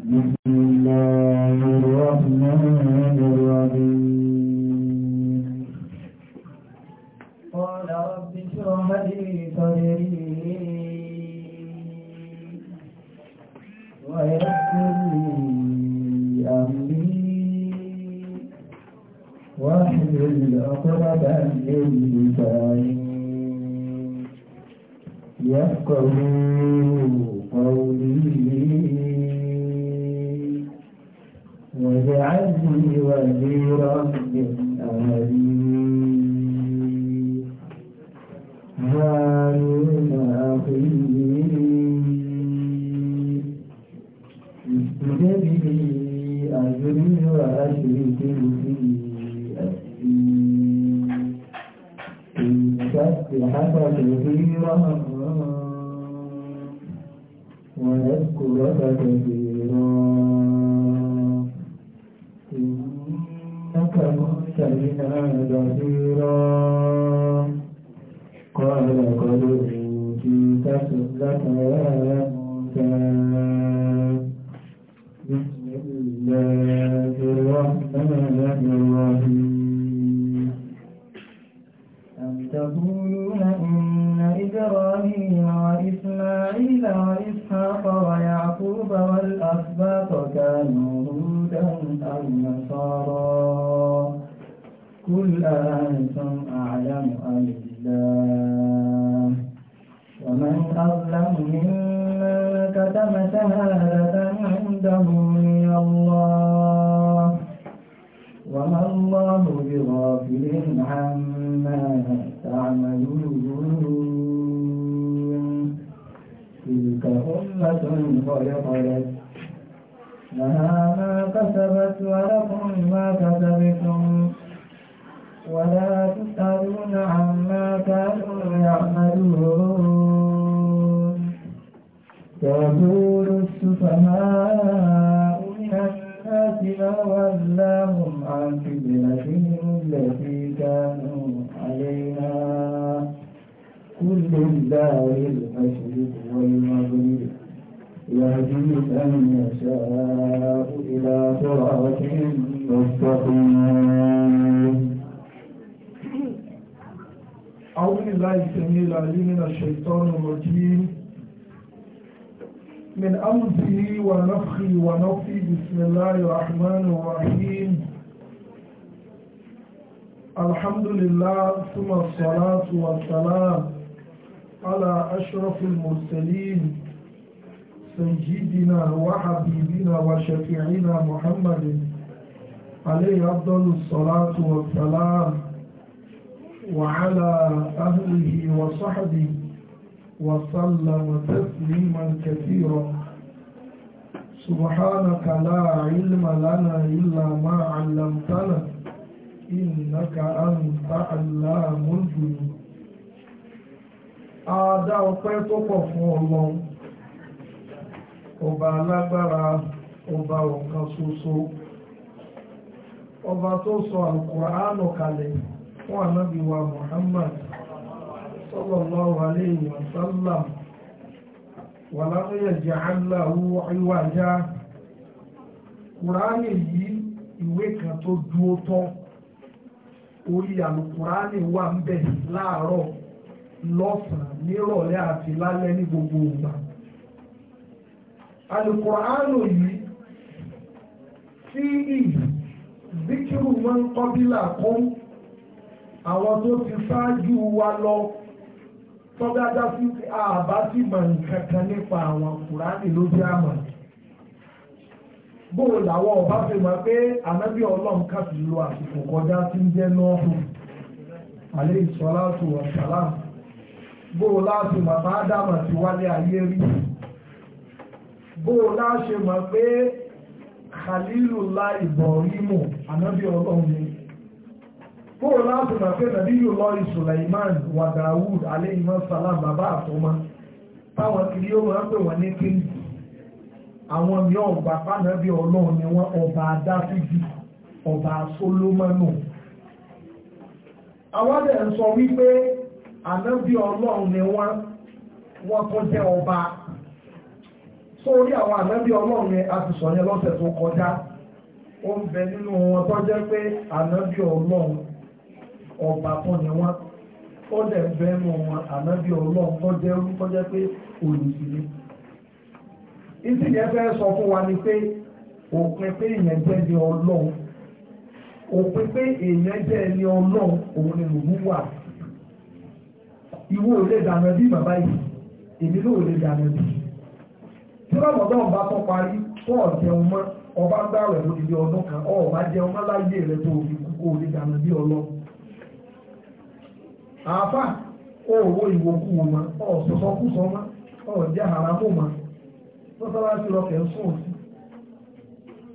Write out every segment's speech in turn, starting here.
بسم الله الرحمن الرحيم قال رب اشرح لي صدري ويسر لي امري واحلل عقدة من لساني يفقهوا قولي ولي ربه سماء من الناس ما ولاهم عن نفسي ونفسي بسم الله الرحمن الرحيم الحمد لله ثم الصلاة والسلام على أشرف المرسلين سيدنا وحبيبنا وشفيعنا محمد عليه أفضل الصلاة والسلام وعلى أهله وصحبه وسلم تسليما كثيرا سبحانك لا علم لنا إلا ما علمتنا إنك أنت علام الغيوب Adá ọpẹ́ tó pọ̀ fún Ọlọ́run, ọba alágbára, ọba ọ̀kan ṣoṣo, ọba tó sọ al kalẹ̀ fún wa Muhammad sallallahu sallam. wàlámú yẹ̀jẹ̀ aláwo ìwàjá kùránì yìí ìwé kan tó dúró tán orí àlùkùránì wà ń bẹ̀ láàárọ̀ lọ́sàn-án nírọ̀lẹ́ àti lálẹ́ ní gbogbo ìgbà àlùkùránì yìí tí ìlú zikiru máa ń kọ́ bí làkún àwọn tó ti ṣáájú wa lọ tọ́gá dá sí pé àbá sì mọ̀ nǹkan kan nípa àwọn kùránì ló jẹ́ àmọ̀ bó làwọn ọba fi mọ̀ pé ànábì ọlọ́run kàfi lo àsìkò kọjá tí ń jẹ́ nọ́ọ̀hù àlẹ́ ìsọ́lá tó ọ̀sálà bó láti mọ̀ bá dámọ̀ sí wálé ayé rí bó láṣe mọ̀ pé Khalilullah Ibrahimu ànábì ọlọ́run ni bóòrò láti mọ̀ pé nàbí yóò lọ Sulaiman wà Dawud aleyhi salam bàbá àtọ́mọ́ táwọn kiri ó máa ń pè wọ́n ní kéńdì àwọn mìíràn ọgbà fánàbí ọlọ́run ni wọ́n ọba adáfíjì ọba solomoni àwọn dẹ̀ ń sọ wípé ànábí ọlọ́run ni wọ́n wọ́n tó jẹ́ ọba sórí àwọn ànábí ọlọ́run yẹn a ti sọ yẹn lọ́sẹ̀ tó kọjá ó ń bẹ nínú wọn tó jẹ́ pé ànábí ọlọ́run ọba tó ni wọ́n ó dẹ̀ bẹ́ẹ̀nu wọn ànábì ọlọ́run tó jẹ́ orúkọ jẹ́ pé olùsílẹ̀. ìsìnkú ẹgbẹ́ sọ fún wa ni pé òpin pé èèyàn jẹ́ ni ọlọ́run òpin pé èèyàn jẹ́ ni ọlọ́run òun ni lòun wà ìwọ ò lè dànù bí bàbá yìí èmi náà ò lè dànù bí. tí rọ̀mọ̀dọ́n bá tó parí tó ọ̀jẹun mọ́ ọba ń gbà rẹ̀ lódìdí ọdún kan ọ̀ọ́ bá jẹun mọ́ láyé rẹ̀ tó òfin kúkú ò lè dànù bí ọlọ́run àáfà òwò ìwòkú wọn ọ̀sọ̀sọ́kùsọ wọn ọ̀jẹ́ àràmù wọn mọ́sálásí lọ́kẹ̀ ń sùn sí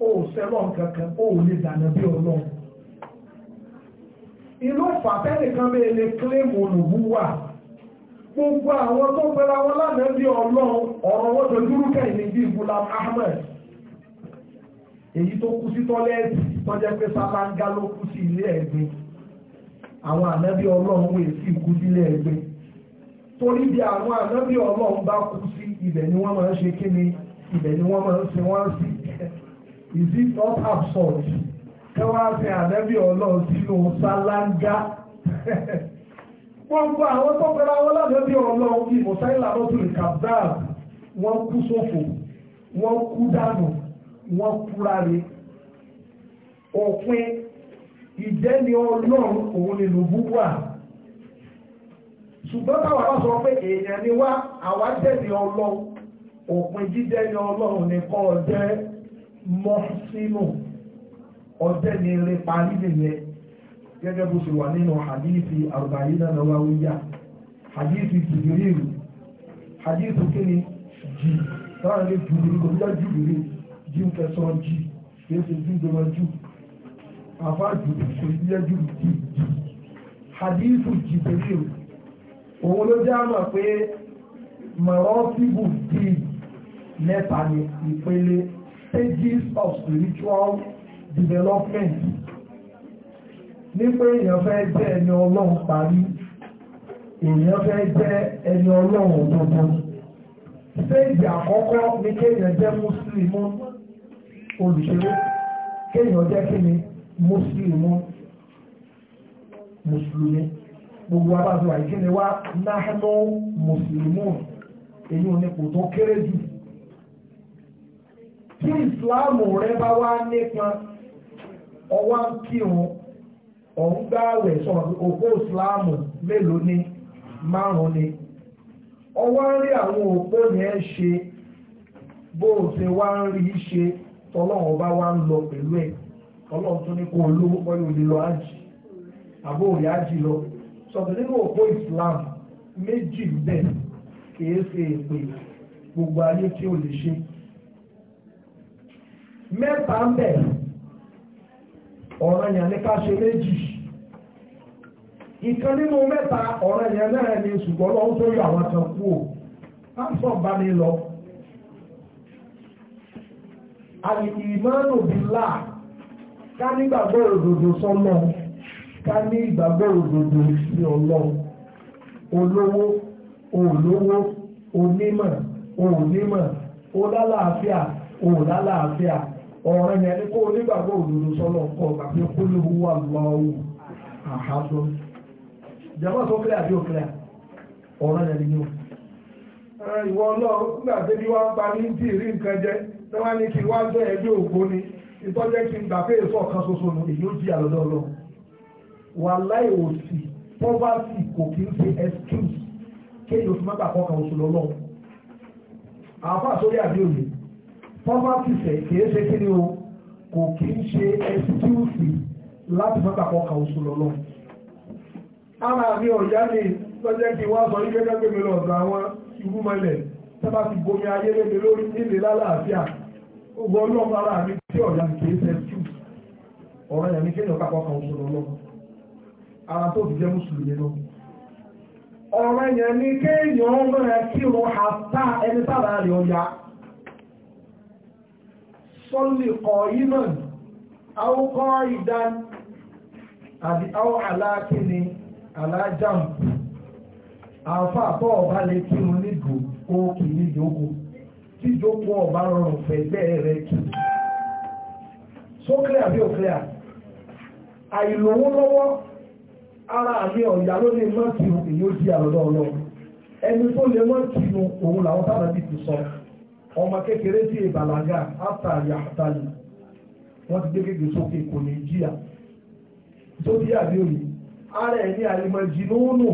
ó sẹ́lọ̀ kankan ó lè dànà bí ọlọ́run inú fàtẹ́nìkan bẹ́ẹ̀ lè kílèmù olùbúwà gbogbo àwọn tó pẹ́ra wọn lánàá bí ọlọ́run ọ̀rọ̀ wọn dojúrú kẹ́yìn ní bíi Gulam Ahmed èyí tó kú sí tọ́lẹ́ẹ̀tì tọ́jẹ́ pé sábà ń gá ló kú sí ilé ẹ̀gbin àwọn ànábì ọlọ́run wò sí ikú sílẹ̀ ẹgbẹ́ torí bí àwọn ànábì ọlọ́run bá kú sí ibẹ̀ ni wọ́n máa ń ṣe kí ni ibẹ̀ ni wọ́n máa ń ṣe wọ́n sí is it not absurd kẹwàá sin ànábì ọlọ́run sínú sálángá gbogbo àwọn tó pẹ̀lú àwọn lábẹ́bí ọlọ́run bíi mọ̀sáìlà lọ́tún lè kàbdáàb wọ́n kú sófò wọ́n kú dànù wọ́n kúra rè òpin ìjẹ́ ni ọlọ́run òun ni lùbú wà ṣùgbọ́n báwa bá sọ pé èèyàn ni wá àwa jẹ́ ni ọlọ́run òpin jíjẹ́ ni ọlọ́run nìkan ọ̀jẹ́ mọ́ sínú ọ̀jẹ́ ni eré parí nìyẹn gẹ́gẹ́ bó ṣe wà nínú hadithi àrùbáyínà náà wíyá hadithi jìbìrìlù hadithi kíni jì láàrin jìbìrìlù lọ́jọ́ jìbìrìlù jì ń kẹsàn-án jì kí ó ṣe jù dọ́rọ̀ jù àfáàjù kò yẹjú ti hadithu jìbìrì òun ló jẹ́ àmọ̀ pé mọ̀rọ́tìbù di mẹ́ta ní ìpele stages of spiritual development ní pé èèyàn fẹ́ jẹ́ ẹni ọlọ́run parí èèyàn fẹ́ jẹ́ ẹni ọlọ́run òdodo stage àkọ́kọ́ ni kéèyàn jẹ́ mùsùlùmí olùṣeré kéèyàn jẹ́ kíni mùsùlùmù mùsùlùmí gbogbo abájọ àìkíni wá náhánú mùsùlùmù èyí ò nípò tó kéré jù tí ìsìláàmù rẹ bá wá nípa ọwá ń kírun ọ̀hún gbáwẹ̀ sọ̀rọ̀ òpó ìsìláàmù mélòó ni márùn ni ọwá ń rí àwọn òpó yẹn ṣe bó o ọlọ́run tó ní kó olówó pẹ̀lú òde lọ ájì àbó òde ájì lọ sọ̀tún nínú òpó Islam méjì bẹ́ẹ̀ kìí ṣe èpè gbogbo ayé tí ò lè ṣe mẹ́ta ń bẹ̀ ọ̀ràn yẹn ní ṣe méjì ìkan nínú mẹ́ta ọ̀ràn yẹn náà ni ṣùgbọ́n lọ́wọ́ tó yọ àwọn kan kú ò pásọ̀ bá mi lọ àyè ìmọ̀ràn òbí láà. ká ní ìgbàgbọ́ òdodo sọ́nà ká ní ìgbàgbọ́ òdodo sí ọlọ́run olówó olówó onímọ̀ onímọ̀ olálàáfíà ní kó onígbàgbọ́ òdodo sọ́nà kọ́ gbàgbé kúlúhu wà lọ́wọ́ ìjọba tó kílẹ̀ àbí òkílẹ̀ ọ̀rẹ́ yẹn ni yóò ìwọ ọlọ́run nígbà tẹ́bí wá ń pa tí ìrí nǹkan kí wá ìtọ́jẹ́ kí n gbà pé èso ọ̀kan ṣoṣo nù èyí ó jí àlọ́dọ́ lọ wà láì òsì poverty kò kí ń ṣe excuse kéèyàn fi mọ́gbà kan kan oṣù lọ́lọ́ àáfà sórí àbíòye poverty fẹ̀ kìí ṣe kí ni o kò kí ń ṣe excuse láti mọ́gbà kan kan oṣù lọ́lọ́ ara mi ọ̀yá ni lọ́jẹ́ kí wọ́n sọ ní gẹ́gẹ́ pé mi lọ́ọ̀dọ̀ àwọn irúmọlẹ̀ tẹ́bá ti gbomi ayé lé mi lórí nílé lálàáfíà gbogbo ọlọ́run ara mi tí ọ̀dà mi kì ṣe tù ọ̀rọ̀ yẹn ni kéèyàn kápá kan oṣù lọ́lọ́ ara tó fi jẹ́ mùsùlùmí lọ. ọ̀rọ̀ yẹn ni kéèyàn máa kírun àtà ẹni ọ̀yà kọ̀ àbí àwọ̀ tí ìjókòó ọba rọrùn fẹ̀gbẹ́ rẹ̀ tù so clear bí o clear àìlówó lọ́wọ́ ara àmì ọ̀yà ló lè mọ́ tí èyí ó di àlọ́dọ́ ọlọ́run ẹni tó lè mọ́ tí òun làwọn sábà bí ti sọ ọmọ kékeré tí ìbàlágà áta yàtàlì wọ́n ti gbé kékeré sókè kò ní jìyà tó bí àbí òyìn ara ẹ̀ ní àlìmọ̀jì lóònù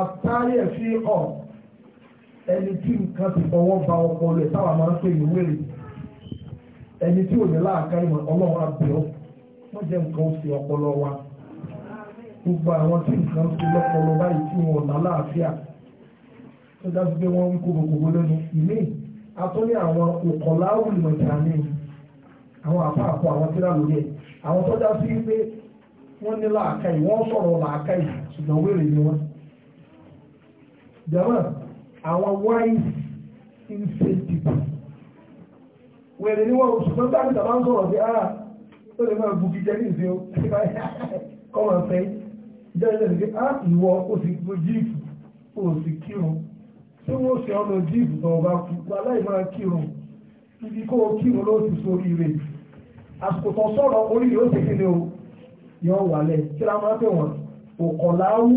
àtàrí ẹ̀ fi hàn ẹni tí nǹkan ti fọwọ́ ba ọpọlọ ẹ̀ táwa máa ń pè ní ẹni tí ò ní láàká ìmọ̀ ọlọ́run abẹ́ọ́ wọ́n jẹ́ nǹkan oṣù ọpọlọ wa gbogbo àwọn tí nǹkan ti lọ́pọlọ báyìí tí láàfíà tó dájú pé wọ́n ń kó gbogbo àwọn ní àwọn àpapọ̀ àwọn àwọn tó pé wọ́n ní àwọn wise insane people wẹ̀rẹ̀ ni wọ́n ṣùgbọ́n tí a kìtà máa ń sọ̀rọ̀ sí ara ah, tó lè máa bu jíjẹ ní ìsìn o kọ́mọ̀ fẹ́ ìjọba ìjọba ìjọba á ìwọ o sì gbó jíìpù o sì kírun tí wọ́n ṣe ọ̀nà jíìpù tó ọba kú aláì máa kírun ibi kó o kírun ló ti so ire àsìkò tó sọ̀rọ̀ orí yóò ṣe kíni o yọ wàlẹ̀ kí la máa pè wọ́n òkọ̀láwú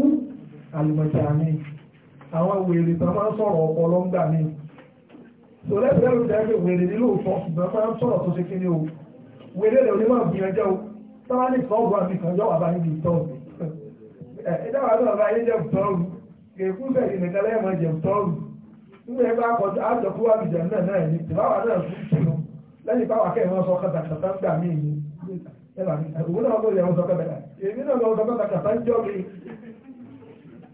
àlùmọ̀jà ni. àwọn wèrè tó máa ń sọ̀rọ̀ ọpọlọ ń gbà so lẹ́sẹ̀ ló jẹ́ pé wèrè ní lóòótọ́ ṣùgbọ́n máa ń sọ̀rọ̀ o o sábà ní sọ́ọ̀bù àmì kan jọ́ wàbá níbi ìtọ́ọ̀bù ndị náà bá yé jẹ́ ìtọ́ọ̀bù kèékú sẹ́yìn nìkan lẹ́yìn máa jẹ́ ìtọ́ọ̀bù nígbà yẹn bá wà lùjẹ̀ sọ kàtàkàtà gbà mí náà sọ kàtàkàtà èmi náà sọ kàtàkàtà ń jọ́ mi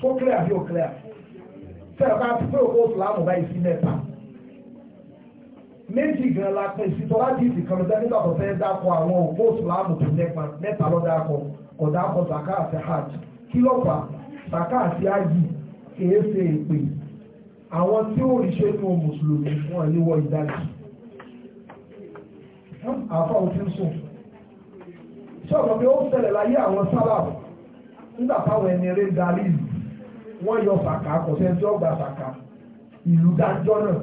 tó clear bí a clear sẹ́ẹ̀ bá ti pé báyìí sí mẹ́ta méjì gan la pè sí tọ́lá dìtì kan lọ́dá nígbà tó fẹ́ dákọ̀ àwọn òkú ìsìlámù tó mẹ́ta mẹ́ta ló dákọ̀ kò dákọ̀ sàká àti hajj kí ló fà àti hajj kìí èpè àwọn tí ó rí ṣe mùsùlùmí wọn ní wọ ìdájì àfa sùn sọ̀rọ̀ ó ń láyé àwọn nígbà táwọn ẹni eré wọ́n yọ sàkà kò sẹ́ni tí ó gba sàkà ìlú dájọ́ náà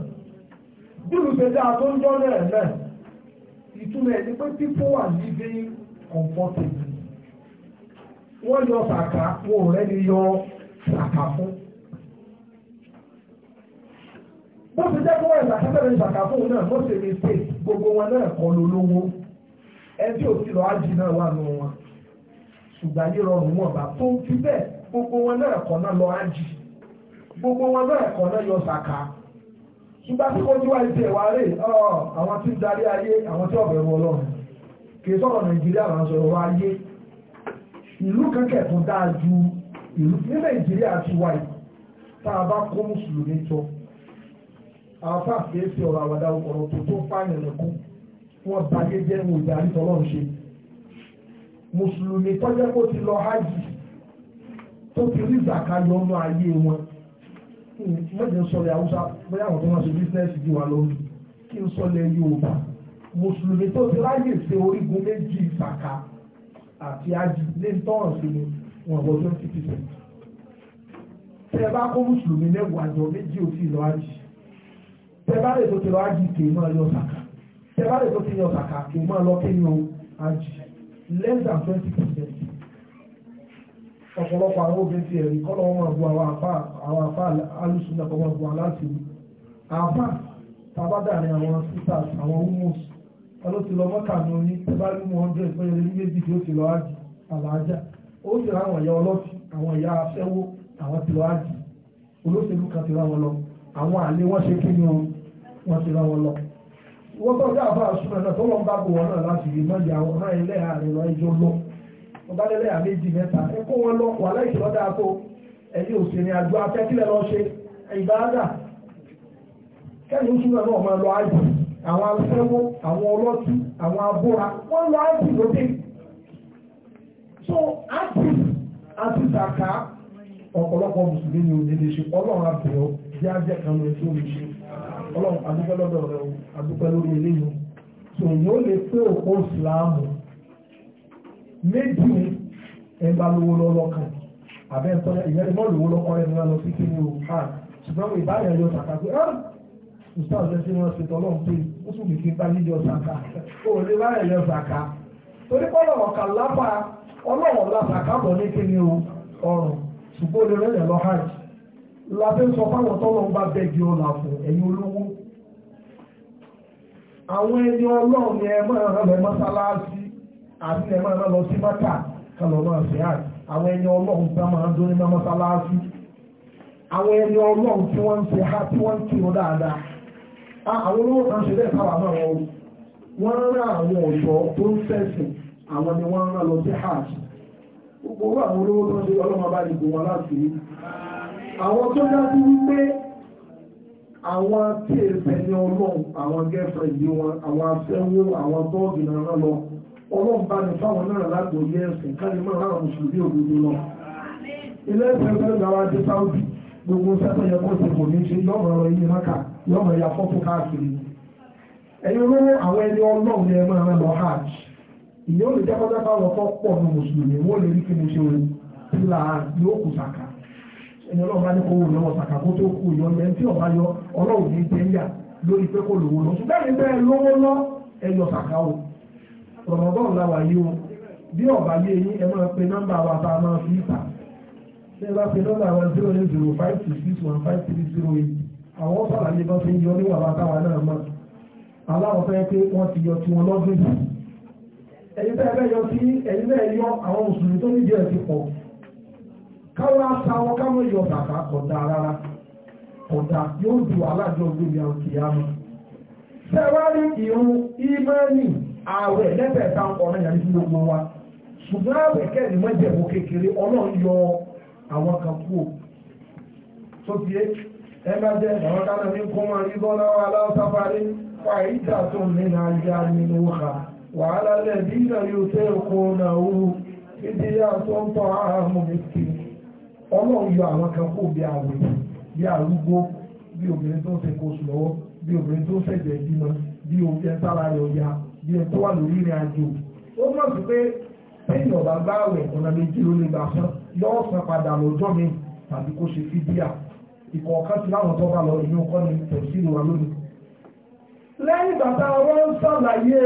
bí ìlú ṣe dáa tó ń jọ́ náà náà ìtumọ̀ ẹ̀ ni pé people are living comfortably wọ́n yọ sàkà wọn ò rẹ́ni yọ sàkà fún. bó ti jẹ́ kó wọ́n ìsàkà bẹ̀rẹ̀ ìsàkà fún òun náà wọ́n ṣe lè pè gbogbo wọn náà kọ́ ló lówó ẹni tí òsì lọ́ọ́ àjì náà wà nù wọn ṣùgbọ́n ayé rọrùn wọn bá tó fi bẹ́ẹ̀ gbogbo wọn náà kọ́ náà lọ ájì gbogbo wọn náà kọ́ náà yọ sàkà ṣùgbọ́n tí kọjú wá ìṣe ìwà rè àwọn tí ń darí ayé àwọn tí ọ̀bẹ̀rù ọlọ́run kì í sọ̀rọ̀ nàìjíríà là ń sọ̀rọ̀ ayé ìlú kankan tó dáa ju ìlú ní nàìjíríà ti wà yìí tá a bá kó mùsùlùmí jọ àwọn fáfẹ́ fi ọ̀rọ̀ àwàdà ọ̀rọ̀ tó tó pààyàn lẹ́kọ́ wọn bàyé jẹ́ wọn ìdarí tọ́lọ́run ṣe mùsùlùmí tọ́jẹ́ kó ti lọ hájì tó fi rí ìgbàkáyọ ọmọ ayé wọn mẹ́jọ sọlẹ̀ haúsá bóyá àwọn tó máa ṣe bísínẹ́sì jí wa lórí kí n sọlẹ̀ yorùbá mùsùlùmí tó ti ráyè ṣe orígun méjì ìsàká àti ájì ní tọ́rọ̀ sí ni wọn bọ́ twenty percent tẹ bá kó mùsùlùmí mẹ́wàá jọ méjì òfin lọ ájì tẹ bá lè tó ti lọ ájì kì í máa yọ sàkà tẹ bá lè tó ti yọ sàkà kì í máa lọ kí ni o ájì less than twenty percent ọ̀pọ̀lọpọ̀ àwọn obìnrin ti ẹ̀rí kọ́ lọ́wọ́ máa bu àwọn àfà àwọn àfà alùsùn náà kọ́ máa bu aláàtì mi àfà tàbádà ni àwọn sisters àwọn humus ọlọ́tí lọ mọ́kà ní oní tẹ́bá rí mu hundred pé orí méjì tí ó ti lọ ájì àlàájá ó sì rá àwọn ìyá ọlọ́tí àwọn ìyá afẹ́wó àwọn ti lọ ájì olóṣèlú kan ti rá wọn lọ àwọn àlè wọ́n ṣe kí ni wọ́n ti rá wọn lọ. wọ́n tọ́jú àfà àṣùnà náà tó lọ́n wọ́n bá lẹ́lẹ́ àméjì mẹ́ta ẹ kó wọn lọ wà láì ṣèlọ́dà tó ẹ̀yin òsèré àjọ afẹ́kílẹ̀ lọ ṣe ìbáradà kẹ́ni oṣù náà náà máa lọ ájì àwọn afẹ́wọ́ àwọn ọlọ́tí àwọn abóra wọ́n lọ ájì lóde so ájì àti sàkà ọ̀pọ̀lọpọ̀ mùsùlùmí ni òdìdí ṣe ọlọ́run àbẹ̀wò bí ajẹ́ kan lóye tó lè ṣe ọlọ́run adúpẹ́ lọ́dọ̀ rẹ̀ o adúpẹ́ lórí eléyìí so ìyẹn ó lè pé òkú ìsìláàmù méjì ẹ bá lówó lọ́wọ́ kan àbẹ́ ń tọ́lá ìyẹn mọ́ lówó lọ́kọ́ rẹ̀ kí wọ́n ha ṣùgbọ́n wọ́n ìbáyọ̀ yọ sàkà pé ọ́n ah! ìṣàwọn ọ̀sẹ̀ tí wọ́n ṣe tọ́lọ́ ń pè ó sì fi bá yíyọ sàkà ó lè yọ sàkà torí pọ́lọ̀ ọ̀kà la bọ̀ ní kíni o ọrùn ṣùgbọ́n olè rẹ̀ lọ hajj lábẹ́ sọ fáwọn tọ́lọ́ ń bá àti ẹ̀ máa lọ sí mọ́tà kálọ̀ náà sí àt àwọn ẹni ọlọ́run tá máa dún ní àwọn ẹni ọlọ́run ha tí wọ́n ń kírun dáadáa àwọn olówó kan ṣe bẹ́ẹ̀ káwà náà wọ́n wọ́n rán àwọn ọ̀dọ́ tó ń fẹ̀sìn àwọn ni wọ́n rán lọ sí hajj gbogbo àwọn olówó tó ń ṣe ọlọ́mọ bá dìbò wọn láti rí àwọn tó wípé àwọn tí ní ọlọ́run àwọn ọlọ́run bá ní fáwọn náà lágbo ilé ẹ̀sìn káàdì máa ráwọn mùsùlùmí òdodo lọ. ilé ẹ̀sìn fẹ́ẹ́ gbà wá dé sáúdì gbogbo sẹ́tọ̀ yẹ kó ti kò ní ṣe yọ̀mọ̀ ọ̀rọ̀ yìí mọ́kà yọ̀mọ̀ ya fọ́tò káàkiri. ẹ̀yin olówó àwọn ẹni ọlọ́run yẹn máa rán lọ hajj. ìyẹn ò lè jábọ́dá bá wọn kọ́ pọ̀ ní mùsùlùmí wọ́n lè rí kí mo ṣe o pílà yóò kù sàkà. ẹni ọlọ́run bá ní kó wò lọ́wọ́ sàkà kó tó kù yọ ẹni tí ọba yọ ọlọ́run sàkà o rọ̀mọ̀bọ́n làwà yìí o bí ọ̀bà yé yín ẹ máa pe nọ́mbà wa bá a máa fi ìta ṣé ẹ bá pe nọ́mbà wa zero eight zero five two six one five three zero eight àwọn sàlàyé bá fi ń yọ níwà bá táwa náà mọ́ aláwọ̀ fẹ́ pé wọ́n ti yọ tiwọn lọ́dún yìí ẹ̀yin bẹ́ẹ̀ bẹ́ẹ̀ yọ sí ẹ̀yin bẹ́ẹ̀ yọ àwọn mùsùlùmí tó nídìí ẹ̀ ti pọ̀ káwọn aṣáwọn káwọn yọ bàbá kọ̀dà rárá kọ̀dà yóò du alájọ gbòmìnira òkè yá mọ́ sẹ́wárí ìrún ìmẹ́rin ààwẹ̀ lẹ́bẹ̀ẹ́ta ọ̀rọ̀ yàrá ìlú gbogbo wa ṣùgbọ́n ààwẹ̀ kẹ́ni mọ́jẹ̀mú kékeré ọlọ́run yọ àwọn kan kú o tó fi ẹ bá jẹ́ àwọn kánà ní kó máa rí bọ́lá wa aláwọ̀sáfárí wà ìjà tó ń lé náà yá nínú ha wàhálà lẹ́bí ìlà yóò tẹ́ ẹ̀kọ́ náà ó ìdí yá tó ń tọ́ ààmú mi kì ọlọ́run yọ àwọn kan kú bí ààwẹ̀ bí arúgbó bí obìnrin tó ń ṣe kóṣù lọ́wọ́ bí obìnrin tó ń ṣẹ̀jẹ̀ bímọ bí obìnrin tára rẹ̀ ọ̀yà bí ẹni tó wà lórí ìrìn àjò ó mọ̀ sí pé lẹ́yìn ọ̀bá gbáwẹ̀ ọ̀nà méjì ló lè gbà san yóò san padà lọ́jọ́ mi tàbí kó ṣe fídíà ìkọ̀ọ̀kan ti láwọn tó bá lọ inú kọ́ ni tẹ̀sílù wa lónìí. lẹ́yìn ìgbà wọ́n ń ṣàlàyé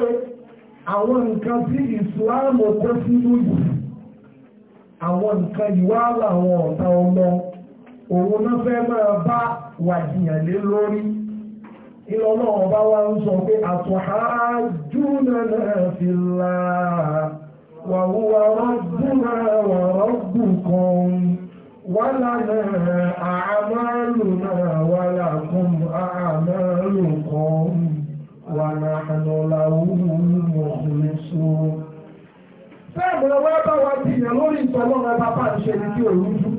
àwọn nǹkan tí ìsìláàmù kó sínú yìí àwọn nǹkan yìí wá làwọn ọ̀tá ọmọ òun náà fẹ́ máa bá wàjìyàn lé lórí ìlọ náà bá wá ń sọ pé àtùhájúnana fìlà wàhúwa rọ́gbùnà wà rọ́gbùkan wàlànà àmàlùnà wàlàkùn àmàlùkan wàlànà làwùn mọ̀ọ́lẹ́sọ. Fẹ́ẹ̀mù ọwọ́ bá wá ti yàn lórí ìtọ́lọ́rọ̀ bàbá ìṣẹ̀lẹ̀ tí òun dùn.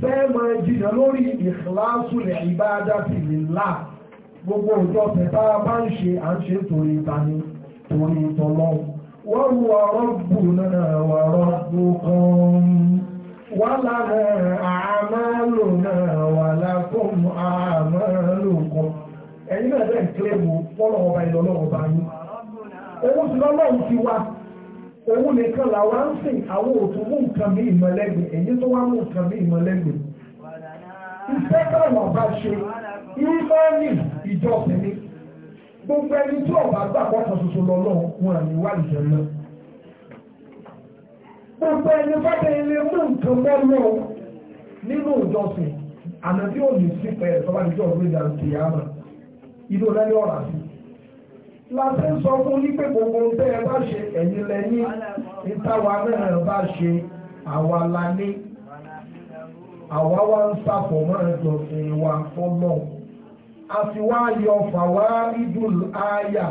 fẹ́ẹ́ máa jìnnà lórí ìkìláṣùlẹ̀ ìbáadá sí lillah gbogbo òjò tẹ̀tà bá ń ṣe à ń ṣe torí ìtani torí ìtọ́lọ́ wọ́n wù ọ̀rọ̀ náà wọ̀rọ̀ bù kan wọ́n lára àmàlò náà wà lákùn àmàlò kan ẹ̀yin náà bẹ́ẹ̀ kílẹ̀ mú fọ́lọ́ ọba ìlọ́lọ́ ọba yín owó sí lọ́lọ́run ti wá òun nìkan làwọn ń sìn àwọn òtún mú nǹkan bí ìmọ̀lẹ́gbẹ̀ èyí tó wá mú nǹkan bí ìmọ̀lẹ́gbẹ̀ iṣẹ́ táwọn bá ṣe ìmọ̀ọ́nì ìjọsìn ni gbogbo ẹni tí ọba gbà kọ́kọ́ ṣoṣo lọ lọ́wọ́ wọn àmì wà lùjẹ́ lọ gbogbo ẹni fọ́tẹ̀ ilé mú nǹkan mọ́ lọ́wọ́ nínú ìjọsìn àná tí ò ní sí pẹ̀lú sọ́wọ́n ìjọ ìgbéjà ìyá mà inú ọ̀la ní ọ̀rọ̀ àti láti sọ fún nípé gbogbo tẹ́ ẹ bá ṣe ẹ̀yìn lẹ́yìn ìtawà náà bá ṣe àwa la ní àwa wá ń sàfọ̀mọ́ ìjọsìn wa fọ́lọ́ a ti wá yọ fàwa ìdùn àyà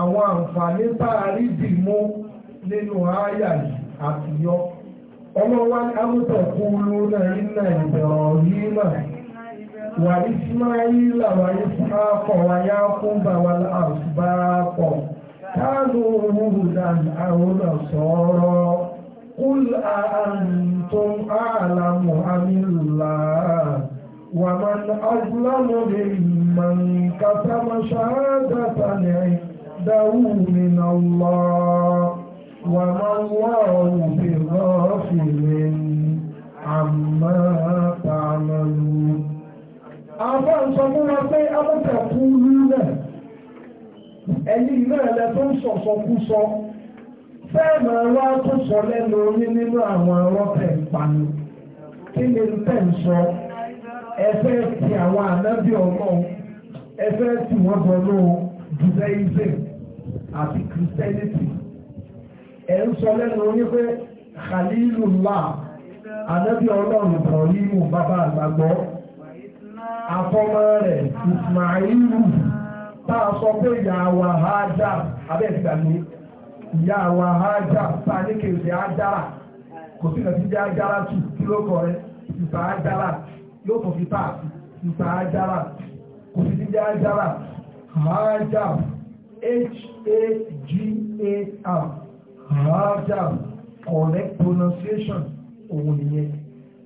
àwọn àǹfààní tá a rí dì mú nínú àyà yìí àti ọlọ́wọ́ amútọ̀kú lónà iná ìbẹ̀rọ̀ yìí náà wà ismaila wà ishaqa wà yakuba wà asbaqa kánú hudan àwọn sọ̀rọ̀ kúl àǹtún àlàmù amílà wà man azlamu mimman katama shahadatan indahu min Allah wà man wallahu bi ghafilin amma ta'malun àwọn àǹsọ fún wa pé abọ́tẹ̀ fún rúrẹ̀ ẹni náà lẹ tó ń sọ̀sọ̀ kú sọ fẹ́ẹ̀mù ẹ̀rọ tó sọ lẹ́nu orí nínú àwọn ẹ̀rọ tẹ̀ ń panu kí ni tẹ̀ ń sọ ẹfẹ́ ti àwọn ànábì ọ̀nà ẹfẹ́ ti wọ́n bọ̀nú Judaism àti Christianity ẹ̀ ń sọ lẹ́nu orí pé Khalilullah ànábì ọlọ́run kọ̀ọ̀lì mú bàbá àgbàgbọ́ àfọmọ rẹ̀ Ismailu tá a sọ pé ìyàwó àhájà abẹ́ ìgbàgbé ìyàwó àhájà tá a ní kèsì ájára kò sí ìrẹsì jẹ́ ájára tù kí ló kọ rẹ̀ ìfà ájára yóò tó fi tà ìfà ájára kò sí ìjẹ́ ájára àhájà h-a-g-a-r àhájà correct pronunciation òun nìyẹn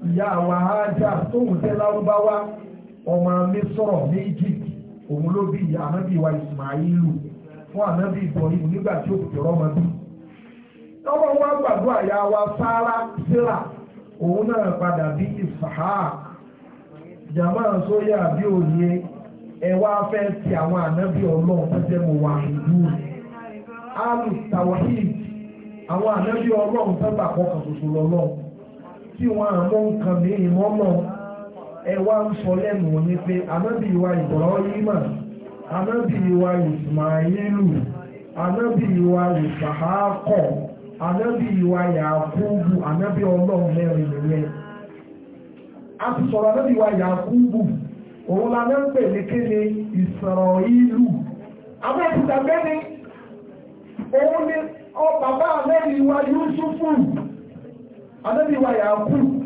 ìyàwó àhájà tóun tẹ́ lárúbáwá. ọmọ mẹ́sọ̀rọ̀ ní Egypt òun ló bí ànábì wa Ismailu fún ànábì Ibrahim nígbà tí òkùnkùn rọ́ bí ọmọ wa gbàdúrà wa sára òun náà padà bí jama sóyà bí òye ẹ wá fẹ́ ti àwọn ànábì ọlọ́run tó jẹ́ mo wà ìlú alu tawahid àwọn ànábì ọlọ́run tó gbà ẹ wá ń sọ lẹ́nu ní pé anábì wa Ibrahima anábì wa Ismailu anábì wa Isahakọ anábì wa Yakubu anábì ọlọ́run mẹ́rin nìyẹn a ti sọ̀rọ̀ anábì wa Yakubu òun la náà ń pè ní kéde ìsọ̀rọ̀ ìlú abẹ́òkúta gbẹ́ni òun ni ọ bàbá anábì wa Yusufu anábì wa Yakubu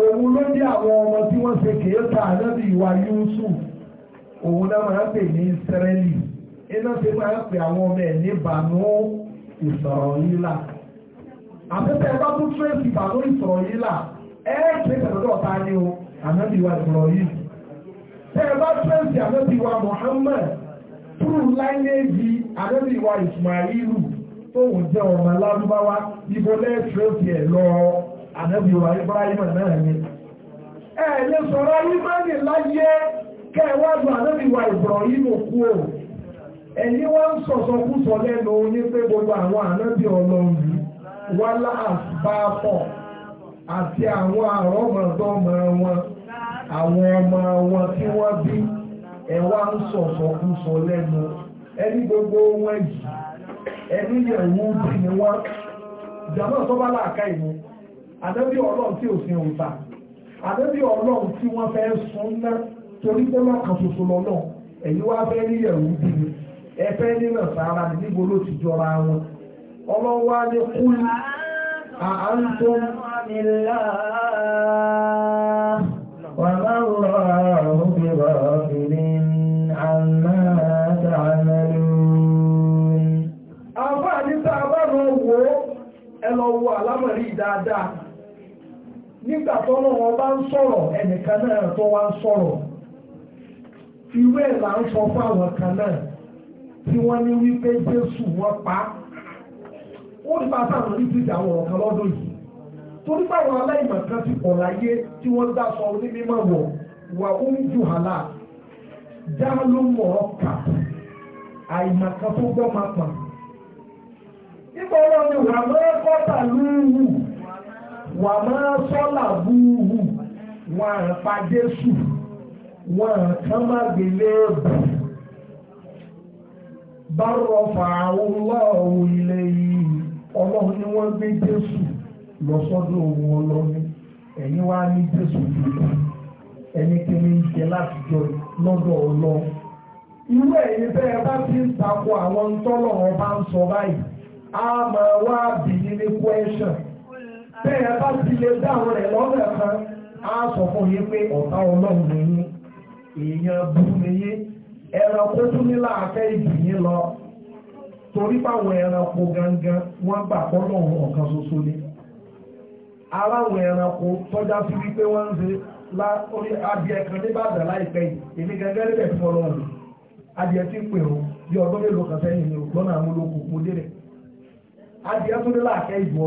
òun ló dé àwọn ọmọ tí wọ́n ṣe kèéta ànábì ìwà Yusuf òun náà máa ń pè ní Ísírẹ́lì iná ti máa ń pè àwọn ọmọ ẹ̀ ní bànú ìsọ̀rọ̀ yìí là àtẹ́tẹ́ bá tún tírèsì bànú ìsọ̀rọ̀ yìí là ṣe tẹ̀lọ́dọ̀ ọ̀tá ni o ànábì ìwà ìsọ̀rọ̀ yìí tẹ́ ẹ bá tírèsì ànábì ìwà Muhammad túrù láìnéèjì ànábì ìwà Ismailu tóun jẹ́ ọmọ lárúbáwá ibo lẹ́ẹ̀ tírèsì ẹ̀ lọ́ọ́ ànábì wa Ibrahim náà ni ẹ lè sọ̀rọ̀ imani láyé kẹwàá ànábì wa Ibrahim kú o ẹ̀yin wọ́n ń sọ̀sọ̀kúsọ lẹ́nu ní pé gbogbo àwọn ànábì ọlọ́run yìí wá láàbápọ̀ àti àwọn àrọ́mọdọ́mọ wọn àwọn ọmọ wọn tí wọ́n bí ẹ wá ń sọ̀sọ̀kúsọ lẹ́nu ẹni gbogbo wọn yìí ẹni yẹ̀wù bí ni wọ́n jàmọ́ sọ́bálà àká ìlú àdébí ọlọ́run tí ò sin òǹta àdébí ọlọ́run tí wọ́n fẹ́ sun ná torí pé lọ́kàn ṣoṣo lọ́nà ẹ̀yin wá fẹ́ ní ẹ̀rú bí mi ẹ fẹ́ nínà sára ní níbo ló ti jọra wọn ọlọ́run wá ní kúlù àáńtó والله بغافل bá lọ wo ẹ wo àlámọ̀rí dáadáa. nígbà tó wọn bá ń sọ̀rọ̀ ẹnìkan náà tó wá ń sọ̀rọ̀ irú ẹ̀ là ń sọ fáwọn kan náà tí wọ́n ní wípé Jésù wọ́n pa ó ní bá sáà lórí ti lọ́dún yìí torí báwọn aláìmọ̀ kan ti pọ̀ láyé tí wọ́n sọ wọ̀ wà ó ń ju hàlà já ló mọ̀ àìmọ̀ kan tó gbọ́ máa pọ̀ nígbà wà wà máa sọ́là búhù wọn à ń pa Jésù wọn à ń kán má gbélé bù bá rọfà Allahu ilayhi ọlọ́run ni wọ́n gbé Jésù lọ sọ́dọ̀ òun ọlọ́ni ẹ̀yin wá ní Jésù tuntun ẹni kìíní ń jẹ láti jọ lọ́dọ̀ ọlọ́run irú ẹ̀yin bẹ́ẹ̀ bá ti ń takò àwọn tọ́lọ̀ wọn ń sọ báyìí a máa wá bìí ní question. bẹ́ẹ̀ bá ti lè dá àwọn rẹ̀ lọ́rẹ̀ kan á sọ fún yín pé ọ̀tá ọlọ́run ni èèyàn burú ni ẹranko tún ní láàkẹ́ yín lọ torí báwọn ẹranko gangan wọ́n gbà ọ̀kan ṣoṣo ni ẹranko tọ́já sí wípé wọ́n ń ṣe orí adìẹ kan láìpẹ́ yìí èmi gangan fún adìẹ pè ó bí ọdún mélòó kan sẹ́yìn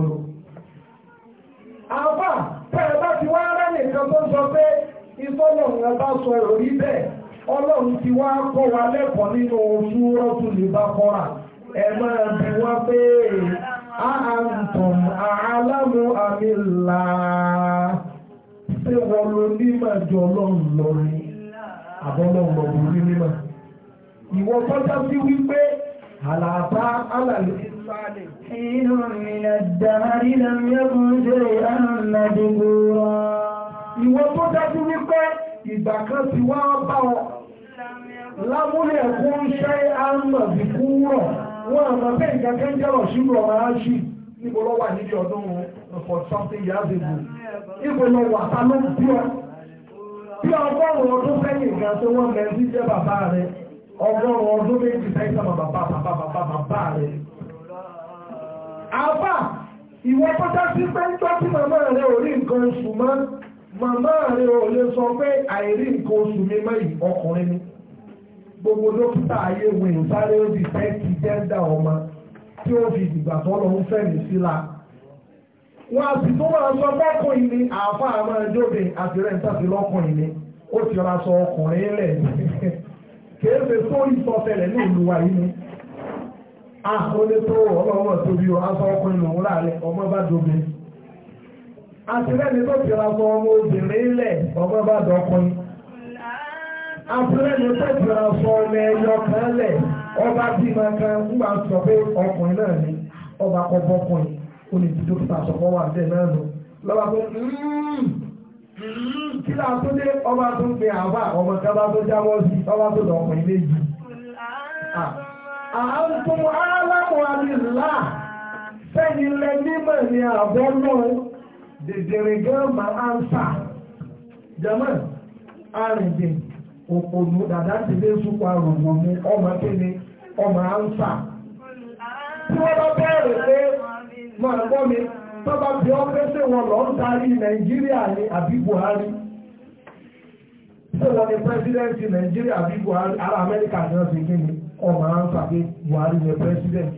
ni àbá tẹ́ẹ̀ bá ti wá rẹ́ nìkan tó sọ pé ìfọ́lọ̀rùn bá sọ ìròrí bẹ́ẹ̀ ọlọ́run ti wá kọ́ wa lẹ́kọ̀ọ́ nínú oṣù rọ́tù lè bá kọ́ra ẹ máa bí wá pé àǹtọ̀n àlámù àmìlà ṣé wọ́n lo nímọ̀ jọ ọlọ́run lọ rí حين من الدهر لم يكن شيئا مذكورا ìwọ tó dájú wípé ìgbà kan ti wá bá وما lámúlẹ̀ fún ṣe àmà bí kúrọ̀ wọn àmà ọdún for something you have to do níbo lọ wà ta ló bí ọ bí ọgọ́rùn-ún ọdún sẹ́yìn ìgbà tó wọ́n mẹ́rin jẹ́ bàbá rẹ ọgọ́rùn ọdún méjì sẹ́yìn sábà bàbá bàbá bàbá rẹ àbá ìwọ pátá sí pé ń tọ́ sí màmá rẹ ò rí nǹkan oṣù mọ́ màmá rẹ ò lè sọ pé àìrí nǹkan oṣù mi mọ́ ọkùnrin ni gbogbo dókítà ayé wo ìsáré ó di fẹ́ẹ̀tì jẹ́ńdà ọmọ tí ó fi ìgbà tó lọ ń fẹ̀mí sí la wọn a sì tún máa sọ bọ́kùnrin ni àáfà máa jóde àti rẹ̀ ń tàbí lọ́kùnrin ni ó ti ra sọ ọkùnrin lẹ̀ kéèfé sórí sọ ní ìlú wa yìí ni ah ó lé tó ọlọ́wọ́ tóbi o aṣọ ọkùnrin lòun láàrin ọmọ bá dobe àti lẹ́ni tó ti ra sọ ọmọ obìnrin lẹ̀ ọmọ bá dọkùnrin àti lẹ́ni tó ti ra sọ ọmọ ẹyọ kan lẹ̀ ọba bímọ kan ńgbà sọ pé ọkùnrin náà ni ọba kọ bọkùnrin ó lè ti dókítà sọ̀kọ́ wà bẹ́ẹ̀ náà lọ lọ́ba tó hmm, hmm, kí láà tó dé ọba tó ń pe àbá ọmọ kan bá tó jábọ́ sí ọba tó dọkùnrin méjì. Ah, àántún aláwọ̀ àbílá sẹ́yìn lẹ nímọ̀ ní àbọ̀ náà dèdèrè gẹ́ọ̀mà ánsà jẹ́mọ̀ àrìndìn òpònú dàdá ti lé súpọ̀ àrùnmọ̀ mú ọmọ kíni ọmọ ánsà tí wọ́n bá bẹ̀rẹ̀ pé máa mi tó fi ọ́ pé wọn lọ ń darí nàìjíríà ní àbí buhari ṣé wọn ni pẹ́sidẹ́ǹtì nàìjíríà àbí buhari ará amẹ́ríkà ni wọ́n ti kí ni. ọmọ ansa pé Buhari yẹ president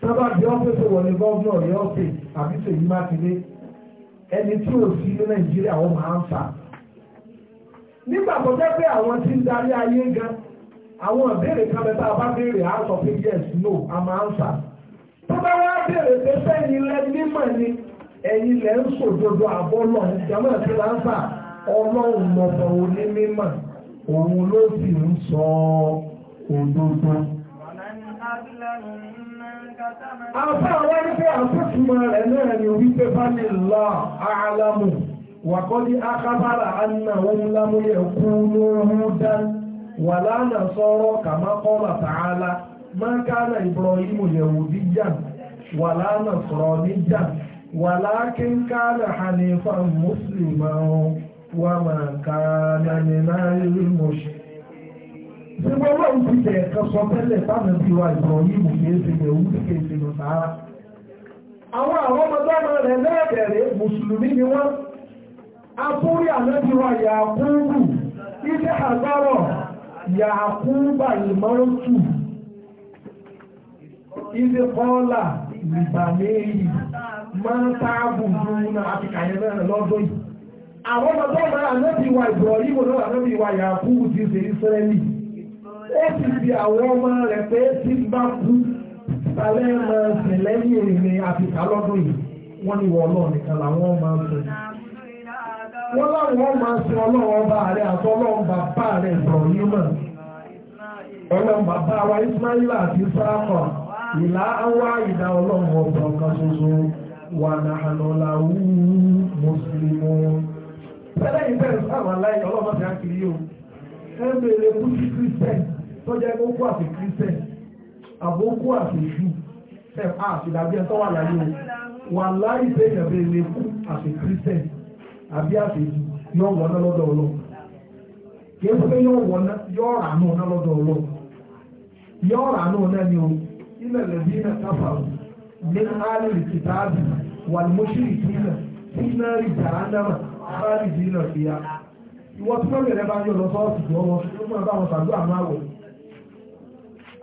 sábà di ọ́fíìsì wọlé gọ́vnà Ọ̀yọ́ ọ̀sẹ̀ àbí ti Mákindé ẹni tí ò sí ní Nàìjíríà maa ansa nígbà tó jẹ́ pé àwọn tí ń darí ayé gan àwọn ìbéèrè kan bẹ́ẹ̀ tá a bá yes no a maa ń tó bá wá béèrè pé sẹ́yìn lẹ ni ẹ̀yin lẹ ń sòdodo àbọ̀ ìjàmọ̀ sọ òdodo. Àfẹ́ àwọn ẹgbẹ́ àtúntúmọ̀ rẹ̀ náà ni wípé Fámílá Àlámù wàkọ́dí akábára annáhùn lámúyẹ̀ kú lóhun dán wà lánà sọ́rọ̀ kàmákọ́lá tààlá máa kánà Ibrahimu Yahudiyan wà lánà sọ̀rọ̀ ṣé wọ́n wọ́n ti jẹ́ ẹ̀ka sọ tẹ́lẹ̀ táwọn ti wá ìtàn yìí mú kí ẹsẹ̀ yẹ̀wù kí ẹsẹ̀ lọ sára. àwọn àwọn ọmọdọ́mọ rẹ̀ lẹ́ẹ̀kẹ̀rẹ̀ mùsùlùmí ni wọ́n apórí ànábìwá yàkúrú ilé àgbárọ̀ yàkúrúbà ìmọ̀rọ̀tù ilé kọ́ọ́là ìgbàmẹ́yì máa ń táàbù gbóná àti kàyẹ́rẹ́ lọ́dọ̀ yìí àwọn ọmọdọ́mọ ànábìwá ìbọ̀rọ̀ yìí wọ́n náà ànábìwá yàkúrú ti ṣe ìsírẹ́lì e ti fi àwọn ọmọ rẹ̀ pé tí bá bú sálẹ́ mọ sí lẹ́yìn èrè àfìkà lọ́dún yìí wọ́n ní wọ́n náà nìkan làwọn ọmọ sọ wọ́n láwọn ọmọ ọba rẹ̀ àti ọlọ́run bàbá rẹ̀ sọ̀rọ̀ yìí mọ̀ mùsùlùmù. Sẹ́lẹ̀ ìfẹ́ ti á tó jẹ́ kó kú àti christian àbó kú àti jù wà láyé o wà pé ilé kú àti àbí àti yọ wọ́n náà lọ́dọ̀ ọlọ́ kìí yọ wọ́n náà yọ ọ̀rà náà lọ́dọ̀ ọlọ́ yọ ọ̀rà náà o ilẹ̀ lẹ́bí káfà ní alẹ́ rí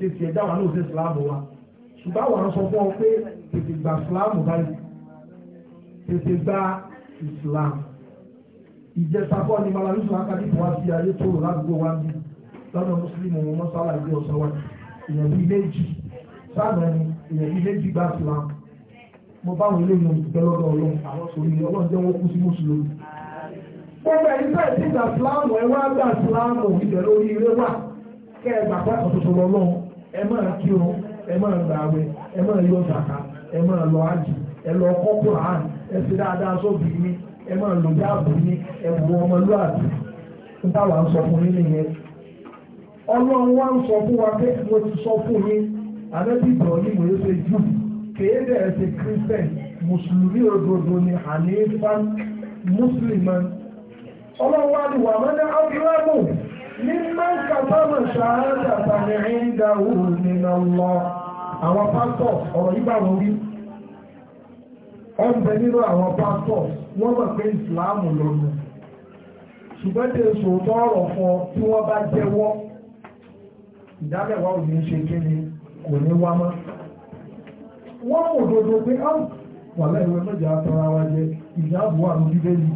ṣe ti ẹ̀dá wa lóòótọ́ ìsìláàmù wa ṣùgbọ́n àwọn aṣọ fún ọ pé tètè gba ìsìláàmù báyìí tètè gba ìsìláàmù ìjẹsàbọ̀ ni malalusu akadìbò wa ti ayé tó ládùúgbò wa ní lọ́dọ̀ mùsùlùmí wọn mọ́sálà ìdí ọ̀sán wa ìyẹn bíi méjì sáàmù ẹni ìyẹn bíi méjì gba ìsìláàmù mo bá wọn eléyìí olùdókè lọ́dọ̀ ọlọ́run àwọn sòrí ọlọ́run jẹ́ wọ́n kú sí mùsùlùmí. gbogbo ẹ̀yin fẹ́ẹ̀ sí ìgbà síláàmù ẹ wá gbà síláàmù ìbẹ̀ lórí ilé wà kẹ́ ẹ gbàgbọ́ àkọsọsọ lọ́lọ́run ẹ máa kí o ẹ máa gbàwé ẹ máa yọ sàkà ẹ máa lọ àjì ẹ lọ kọ́kọ́ àrùn ẹ sì dáadáa sóbì mi ẹ máa lò dáàbò mi ẹ wọ ọmọlúwàbí níta sọ fún yín nìyẹn ọlọ́run wá ń sọ fún wa pé mo ti sọ fún yín àbẹ́bí mo mímọ́ kàtàmù ṣàhádà tàbí ìdá òun nínú lọ àwọn pásítọ̀ ọ̀rọ̀ yìí bá wọn wí ọ̀bẹ nínú àwọn pásítọ̀ wọ́n mọ̀ pé ìsìláàmù lọ́nu ṣùgbọ́n tí èso tó ọ̀rọ̀ fún tí wọ́n bá jẹ́wọ́ ìdámẹ́wàá ò ní ṣe kí ni kò ní wá mọ́ wọ́n mọ̀ òdodo pé áwù wàhálà ìwé mẹ́jọ àtọ́ra wa jẹ ìdáàbò àrùn bíbélì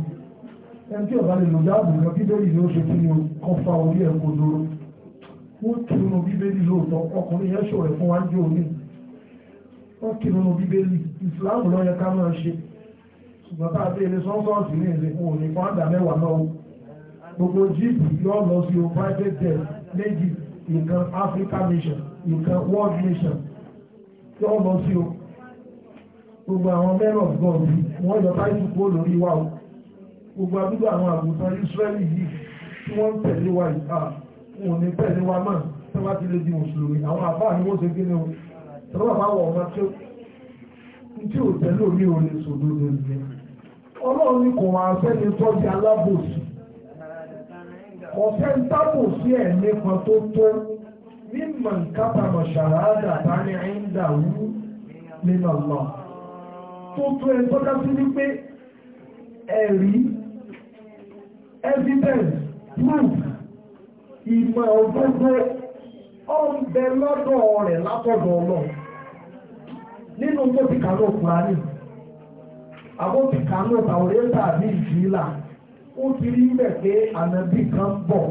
ẹni tí ọ̀bá lè lọ jáàbù lọ bíbélì ló ṣe fún yóò kọfà orí ẹ̀kọ́ dúró ó túnú bíbélì lóòótọ́ ọkùnrin yẹn ṣọ̀rẹ̀ fún wájú òní ó túnú bíbélì ìsìláàmù ló yẹ ká máa ṣe ṣùgbọ́n tá a bẹ́ẹ̀ lè sọ́ńsọ́ọ̀sì ní ìsìnkú òní fún àdá mẹ́wàá náà gbogbo jíìpù yóò lọ sí o private jet méjì nǹkan Africa mission nǹkan world Nation. yóò lọ sí o gbogbo àwọn mẹ́rọ̀ gbọ̀ọ̀dù wọ́n yọ táìsì kúrò lórí wa o gbogbo àdúgbò àwọn àgùntàn Ísírẹ́lì yìí tí wọ́n ń tẹ̀lé wa ìta wọn ò ní tẹ̀lé wa mọ́ tí wọ́n ti lè di mùsùlùmí àwọn àbá ni wọ́n ṣe kí ni o tọ́lá bá wọ̀ ọmọ tí ó tí ò tẹ̀lé òní ò lè sòdodo nìyẹn ọlọ́run ni kò wá sẹ́ni tọ́jú alábòsí ọ̀fẹ́ ń tábòsí ẹ̀ nípa tó tó mímọ̀ nkápamọ̀ ṣàràádà tání ẹ̀ ń wú nínú ọ̀nà tó tó ẹ̀ sí wípé ẹ̀rí evidence proof ìmọ̀ ògbógbó ó ń bẹ lọ́dọ̀ rẹ̀ látọ̀dọ̀ ọlọ́run nínú tó ti kàánú kùránì àbó ti kàánú tàwọ̀rẹ́ta àbí ìjìlá ó ti rí bẹ̀ pé ànábì kan bọ̀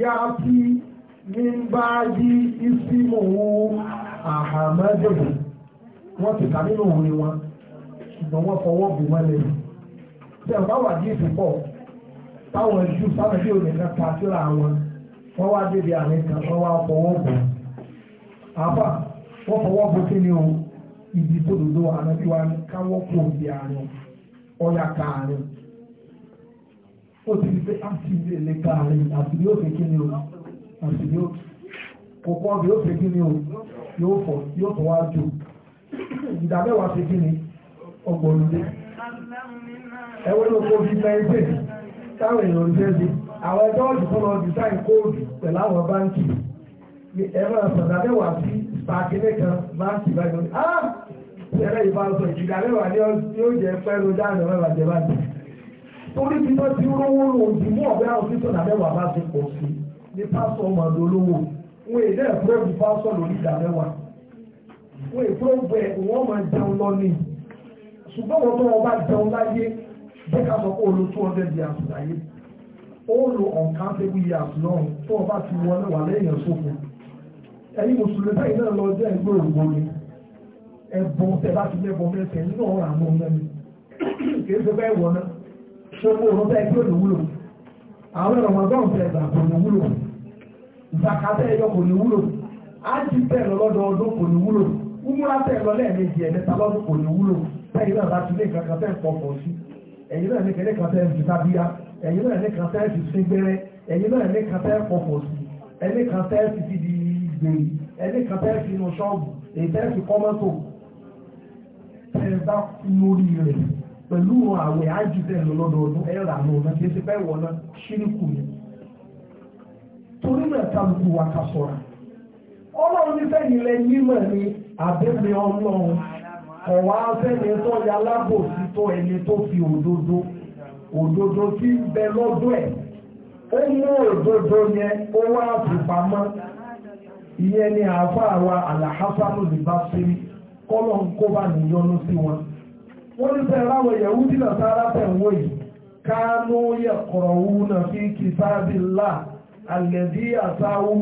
yá sí nígbà yí ìsímù àhàmẹ́dẹ̀ wọ́n ti kà nínú òwe wọn ṣùgbọ́n wọ́n fọwọ́ bù wọ́n lẹ́yìn tí ọ̀gá wà ní ìdúpọ̀ táwọn ìjú sáwọn ìdí òní kan ta síra wọn wọ́n wá débi àárín kan wọ́n wá fọwọ́ bò àbá wọ́n fọwọ́ kí ni o ibi tó dodo ànábi wa ní káwọ́ kó ibi àárín ọ̀yà kàárín ó ti di pé àti ilé ilé kàárín àti ilé òfin kí ni o àti ilé kòkó ọ̀gbìn yóò fi kí ni o yóò fọ yóò fọ wá jò ìdá mẹ́wàá fi kí ni ọgbọ̀n lé ẹwọ́n ní covid-19 táwọn èèyàn ń tẹ́sí àwọn ẹjọ́ ọ̀dùn tó lọ design code pẹ̀lú àwọn báńkì ẹ̀rọ àtàdá mẹ́wàá sí pàkí nìkan báńkì báyìí wọ́n ní ah ṣẹlẹ̀ ìbáṣọ ìjìdá mẹ́wàá ni yóò jẹ́ pẹ́lú dáàdọ̀ mẹ́wàá jẹ báńkì torí ti tó ti rówó lò ó ti mú ọ̀bẹ àwọn títọ́ náà mẹ́wàá bá ti pọ̀ sí ní pásọ̀ ọmọdé olówó wọn èdè ẹ̀fúrẹ́bù pásọ̀ lórí ìdá mẹ́wàá wọn èfúrẹ́bù ẹ̀ wọ́n máa jẹun lọ ní ṣùgbọ́n wọn tó wọn bá jẹun láyé ṣé ká sọ pé o lo two hundred years láyé ó lo uncountable years lọ́run tó o bá ti wọlé wà lẹ́yìn ṣòfò ẹ̀yin mùsùlùmí sẹ́yìn náà lọ jẹ́ ẹgbẹ́ òwò ni ẹ̀bùn tẹ̀ bá ti lẹ́bùn mẹ́sẹ̀ nínú ọ̀rọ̀ àwọn ọmọ mi kì í ṣe bẹ́ẹ̀ wọ̀ náà ṣé kó o lọ bẹ́ẹ̀ to o lè wúlò àwọn ẹ̀rọ wọn dọ́ọ̀ tẹ̀ gbà kò ní wúlò ìsàkàtà ẹ̀yọ kò ní wúlò ájì tẹ̀ lọ lọ́dọọdún kò ní wúlò kúmúrà tẹ̀ lọ lẹ́ẹ̀mejì ẹ̀mẹ́ta lọ́dún kò ní wúlò sẹ́yìn náà bá lé ìkankan tẹ̀ pọ̀ pọ̀ sí i ẹ̀yin náà ní kẹ́lẹ́ kan tẹ́ fi sábíyá ẹ̀yin náà ní kan tẹ́ fi sígbẹ́rẹ́ ẹ̀yin náà ní kan tẹ́ pọ̀pọ̀ sí ẹni kan tẹ́ fi ti di gbèrè ẹni kan tẹ́ fi inú ṣọ́ọ̀bù èyí tẹ́ fi kọ́mọ́tò tẹ́ bá lórí rẹ̀ pẹ̀lú àwẹ̀ ájútẹ̀ lọ́dọọdún ẹ̀rà lọ́nà kí ẹsẹ̀ bẹ́ẹ̀ wọ̀ náà ṣíríkù ni torí náà kálukú wa kà sọ̀rọ̀ ọlọ́run nífẹ̀ẹ́ nílẹ̀ yímọ̀ kọ̀wá sẹ́ni tó ya lábòsí tó ẹni tó fi òdodo òdodo tí ń bẹ lọ́dọ̀ ẹ̀ ó mú òdodo yẹn ó wá àfipamọ́ ìyẹn ni àáfàá wa àlàáfàánù lè bá sírí kọ́lọ̀ ń kó bá níyọnu sí wọn. wọ́n ní sẹ́yìn láwọn yẹ̀wú dínà sára tẹ̀wọ́ yìí kánú yẹ̀kọ̀rọ̀ òun náà fi kìtàbí ńlá àlẹ́bí àtàwọn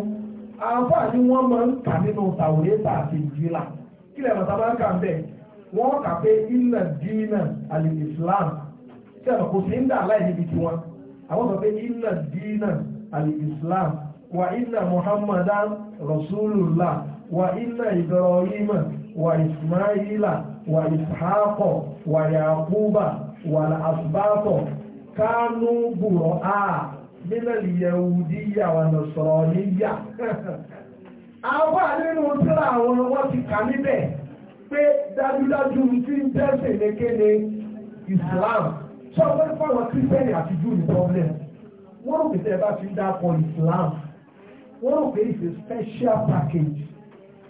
àáfàá ni wọ́n máa ń kà nínú tàwé tàbí ìjìlá kílẹ̀ bàtà máa ń kà ń bẹ́ẹ̀ wọ́n kà pé ilẹ̀ dínà àlè islam sẹ́nu kò sí ń dà láì níbi tí wọ́n àwọn sọ pé ilẹ̀ dínà àlè islam wà ilẹ̀ muhammadan rasulullah wà ilẹ̀ ibrahima wà ismaila wà ishaqo wà yaquba wà asbato kánú bùrọ̀ a nílẹ̀ yẹ̀wùdíyà wà nasraniya àwọn nínú tíra àwọn wọ́n ti kà níbẹ̀ pé dájúdájú tí ń tẹ́sẹ̀ lékele Islam sọ pé fáwọn kírísítẹ́nì àti jù ní problem wọ́n rò pé tẹ́ bá ti ń dápọ̀ Islam wọ́n rò pé it's a special package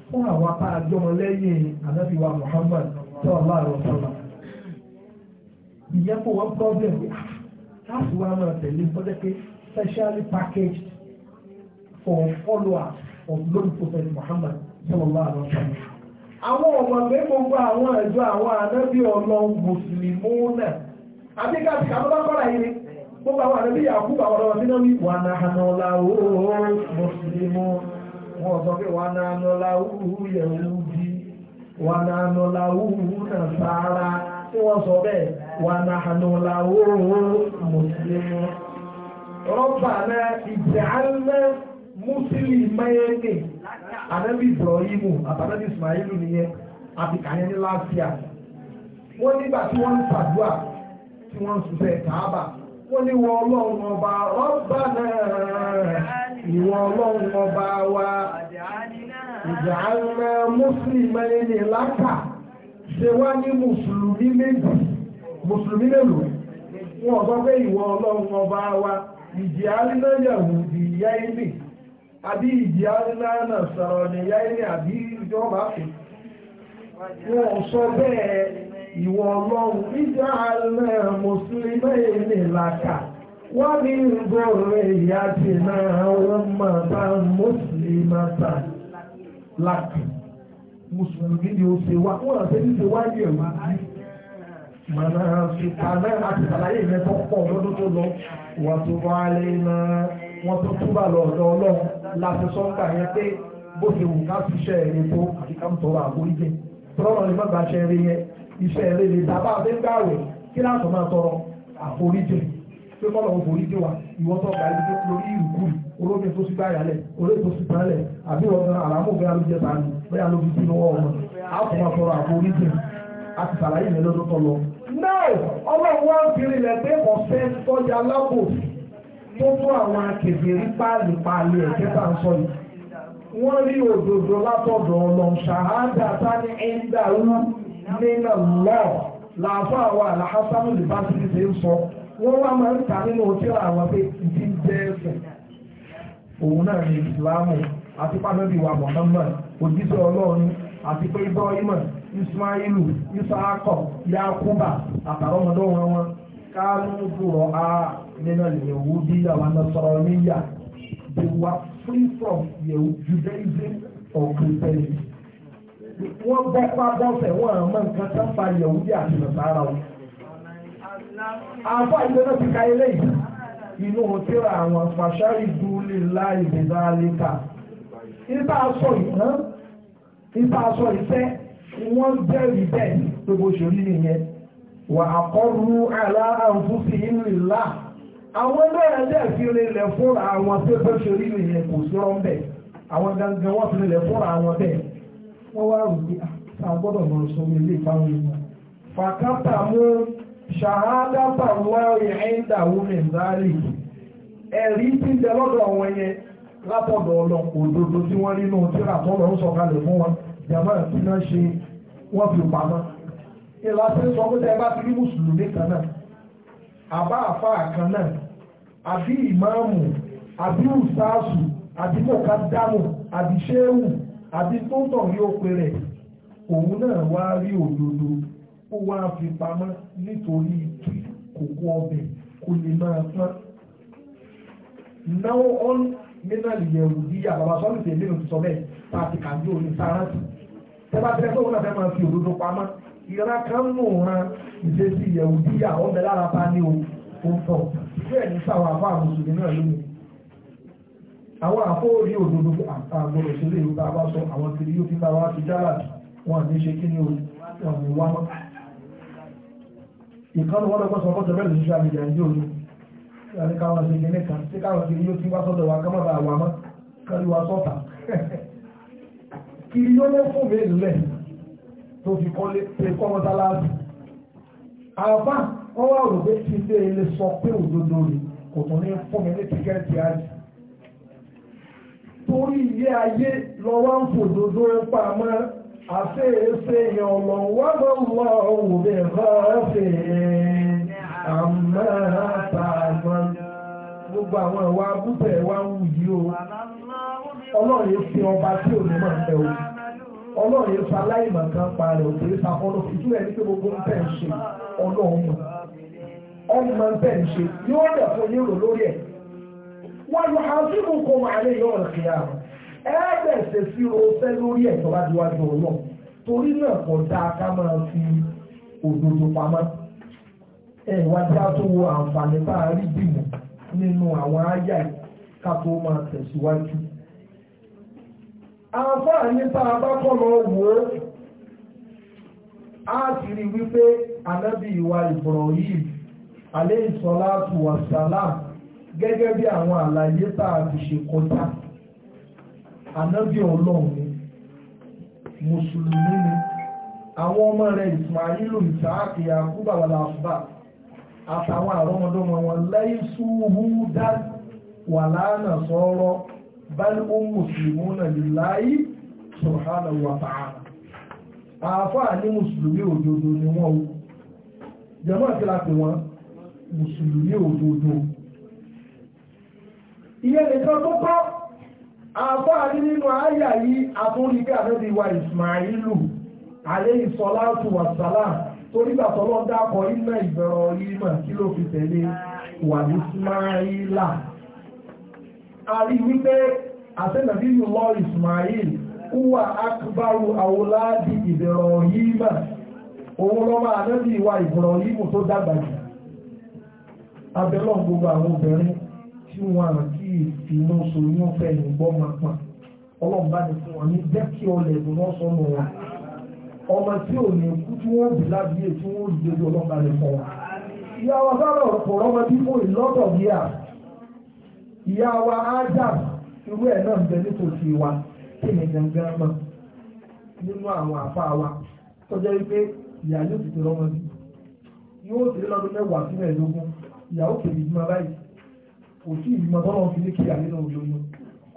fún àwọn apá àjọmọ Muhammad, ànábì wa Muhammad sọ́ọ̀lá àrọ̀sọ́lá ìyẹ́pọ̀ wọn problem láti wá máa tẹ̀lé bọ́jẹ́ pé specially packaged for followers of lórí Prophet Muhammad sọ́ọ̀lá àrọ̀sọ́lá. àwọn ọmọ pé gbogbo àwọn ẹ̀jọ́ àwọn ànábì ọlọ́run mùsùlùmí náà àbíkàtì kàbọ́lápàá yìí gbogbo àwọn ànábì yàkúbà ọlọ́run nínú wà mùsùlùmí wọn sọ pé wà náà nọ́lá ooo yẹ̀wùdí wà náà nọ́lá ooo ànábì Ibrahimu àtànábì Ismailu nìyẹn àbíkàyẹn ní láàfíà wọ́n nígbà tí wọ́n ń ṣàdúrà tí wọ́n ń ṣiṣẹ́ káàbà wọ́n ní wọ́n ọlọ́run ọba ọba náà ìwọ ọlọ́run ọba wa ìjà ńlẹ̀ mùsùlùmí ẹni lápá ṣe wá ní mùsùlùmí méjì mùsùlùmí mélòó wọn sọ pé ìwọ ọlọ́run ọba wa ìjà ńlẹ̀ yẹ̀wò ìyá ilé àbí ìdí aláàna sọ̀rọ̀ nìyá ilé àbí ìjọba fi wọn sọ bẹ́ẹ̀ ìwọ ọlọ́run ìjà aláàna mùsùlùmí ilé làkà wọ́n ní gbọ́rọ̀ ìyá ti náà wọ́n máa bá mùsùlùmí ta làkà mùsùlùmí ni ó ṣe wá wọ́n àti ẹni ṣe wá yẹ̀ wá mọ̀nà ṣùgbọ́n àti àlàyé ìrẹ́tọ́ pọ̀ lọ́dún tó lọ wà tó bá lè náà wọ́n tó túbà lọ ọ̀dọ̀ ọlọ́run láti sọ́ńgbà yẹn pé bó ṣe wù ká ṣiṣẹ́ eré tó àti ká ń tọrọ àforíjì tọ́lọ́ lè má gba ṣe eré yẹn iṣẹ́ eré lè dábàá fi ń gbàwẹ̀ kí láti máa tọrọ àforíjì pé kọ́lọ̀ òforíjì wa ìwọ́ tó gba ibi tó lórí ìrùkú olómi tó sì gbáyàlẹ̀ olómi tó sì tánlẹ̀ àbí ọ̀gá àràmù bẹ́ẹ̀ ló jẹ tani bẹ́ẹ̀ ló fi sínú ọmọ àpò máa tọrọ àforíjì àti sàlàyé mi lọ́dún tó lọ. náà ọlọ́run wá ń fi rinlẹ̀ pé ọ̀sẹ̀ tọ́jà lábòsí tó tó àwọn akèbèrè páàlì páàlì ẹ̀jẹ̀ bá ń sọ yìí wọ́n rí òdodo látọ̀dọ̀ ọlọ́run ṣàhádà tani ẹ̀ńdà rú nínà lọ́ làáfàá wa àlàhásánù lè bá ti ṣe ń sọ wọ́n wá máa ń ta nínú òtíra àwọn pé ìdí ń jẹ́ ẹ̀sìn òun náà ní ìsìlámù àti pàtàkì wa mọ̀nàmọ́ òjíṣẹ́ ọlọ́run àti pé ibrahima ismailu isaakọ yakuba àtàrọmọdọ́ wọn wọn káàlù bùrọ̀ àà nínú ìyẹ̀wò bí àwọn anasọ̀rọ̀ níyà they were free from Judaism or Christianity. wọ́n bọ́ pa bọ́sẹ̀ wọ́n àmọ́ nǹkan tán fa ìyẹ̀wò bí àti nàṣàrà o. àbọ̀ ìgbẹ́nà ti ka eléyìí inú òtíra àwọn fàṣárì dúlé láì bẹ̀dálẹ́ta. ibà sọ ìtàn ibà sọ ìfẹ́ wọ́n jẹ́rìí bẹ́ẹ̀ tó bó ṣe rí nìyẹn wà á kọ́ rú aláàfúnfì ìlú ìlà àwọn náà dẹ̀ fi rinlẹ̀ fúnra àwọn tó fẹ́ ṣorí nìyẹn kò sí ọ́n bẹ̀ àwọn gangan wọ́n fi rinlẹ̀ fúnra àwọn bẹ̀ wọ́n wá rò pé àgbọ́dọ̀ máa sọ mi lè fáwọn èèyàn fàkátà mú ṣàhádàtà wáyé ẹ̀ńdàwó mẹ́ńdálì ẹ̀rí ti jẹ lọ́dọ̀ àwọn yẹn látọ̀dọ̀ ọlọ́pọ̀ òdodo tí wọ́n nínú tíra tọ́lọ̀ ń sọ̀kalẹ̀ fún wọn jàmọ́ ìpínlẹ̀ ṣe wọ́n fi pamọ́ ìlàsẹ̀ sọ pé tẹ́ bá ti rí mùsùlùmí kan náà àbá àfáà kan náà àbí ìmáàmù àbí ùsáàsù àbí mọ̀kádámù àbí ṣéwù àbí tóńtọ̀ yóò pe rẹ̀ òun náà wá rí òdodo ó wá fi pamọ́ nítorí kí kòkó ọbẹ̀ kò lè máa pọ́n. náwó ọ́n mínàlì yẹ̀wù bí àbàbà sọ́ọ̀lù tèmi ló ti sọ bẹ́ẹ̀ tá a ti kà ní òní sáráǹtì tẹ́ bá tẹ́lẹ̀ tó wọn náà fẹ́ máa fi òdodo pamọ́ ìrora kan nù wọn ìṣesí ìyẹ̀wò bíyà ọ̀bẹ lára pa ní o ó fọ̀ bẹ́ẹ̀ ní sáwọn àfọ àwọn mùsùlùmí náà lónìí àwọn àfọ́rí òdodo àgbọ̀rọ̀ sílé ìlú bá wá sọ àwọn kiri yóò fi bá wá ti dára wọn ní ṣe kí ni wọn ní wá mọ́ ìkànnì wọn lọ́gbọ́n sọ fọ́tọ̀ bẹ́ẹ̀ lóṣìṣẹ́ àmìjà ìjọ òní láti káwọn ṣe gẹ́gẹ́ kan tí káwọn kiri yóò fi wá sọ́dọ̀ wa kọ́mọ́ bá wà mọ́ kárí wa sọ́ta kiri yóò lọ fún mi lẹ̀ tó fi kọ́lé pé kọ́ mọ́sálásì àbá wọ́n wá rò pé tí ilé ilé sọ pé òdodo rè kò tún ní fún mi ní tíkẹ́ẹ̀tì àjì torí ilé ayé lọ́wọ́ ń fòdodo pamọ́ àfẹ́ẹ́fẹ́ yẹn ọlọ́run wá lọ́wọ́ òun bẹ́ẹ̀ rọ́ọ̀fẹ́ àmọ́ àtàgbọ́n gbogbo àwọn ìwà abúfẹ́ wa ń wù yí o ọlọ́run yìí fi ọba tí ò ní mọ̀ ń o. ọlọ́run yóò ṣaláì màkà pa rẹ̀ òkè ìsàkọ́nà ìjú pé gbogbo ń tẹ̀ ń ṣe ọlọ́run ọmọ máa ń tẹ̀ ń ṣe yóò dẹ̀ fún yín rò lórí ẹ̀ ha sí mú kó ẹ̀ẹ́dẹ̀ ṣe sí lórí ẹ̀ torí náà ká máa fi pamọ́ ẹ̀ tó wo a rí nínú àwọn ká tó máa tẹ̀síwájú. àfáà ní tá a bá kọ́ lọ wò ó á sì rí wípé ànábì ìwà Ibrahim alayhi salatu wa salam gẹ́gẹ́ bí àwọn àlàyé tá a ti ṣe kọjá ànábì ọlọ́run ni mùsùlùmí ni àwọn ọmọ rẹ̀ Ismailu Isaaki Yakuba wàlàfà àtàwọn àrọ́mọdọ́mọ wọn lẹ́yìn súhúdá wàlánà sọ́rọ́ bali ó mùsùlùmí náà lillahi subhanahu wa ta'ala àáfàá ní mùsùlùmí òdodo ni wọ́n o jẹ́mọ́ àti láti wọ́n mùsùlùmí òdodo ìyẹn nìkan tó kọ́ àáfàá ní nínú àyà yìí àtúndìkẹ́ àtẹ́bí wa Ismailu alayhi salatu wa salam torí gbàtọ́ lọ́dá kọ iná ìbẹ̀rọ̀ yìí mà fi tẹ̀lé wà Ismaila a rí wípé àtẹ́nàbí lọ Ismail kúwà akbaru àwòláàdì ìbẹ̀rọ̀ yìí mà òun lọ́mọ àdẹ́bí ìwà ìbọ̀rọ̀ yìí mú tó dàgbà jù abẹ́lọ́ gbogbo àwọn obìnrin tí wọn àti ìfìmọ̀ sòyún fẹ́ ìgbọ́ máa pa ọlọ́run bá ní fún wọn ní jẹ́ kí ọlẹ̀ ìbò náà sọnù wọn ọmọ tí ò ní kú tí wọ́n bì lábíyè tí wọ́n ò dìde ọlọ́run bá ní fún wọn. ìyá wa sábà ọ̀pọ̀ ọmọ tí fún ìlọ́tọ̀ bí i à ìyá wa ájàm irú ẹ̀ náà ń bẹ nítòsí wa kí ni gangan mọ́ nínú àwọn àfa wa tọ́jọ́ wípé ìyá yóò ti ti rọ́mọ bí yóò ti lọ́dún mẹ́wàá sí mẹ́ẹ̀ẹ́dógún ìyàwó kèmí ìbímọ báyìí kò sí ìbímọ tọ́lọ́ fi ní kíyà nínú òyòyò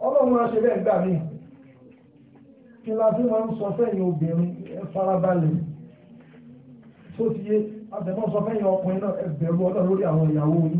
ọlọ́run máa ṣe bẹ́ẹ̀ gbà mí kí la fi máa ń sọ fẹ́yìn obìnrin ẹ farabalẹ̀ tó ti yé àtẹ̀mọ́ sọ fẹ́yìn ọkùnrin náà ẹ bẹ̀rù ọlọ́run lórí àwọn ìyàwó yìí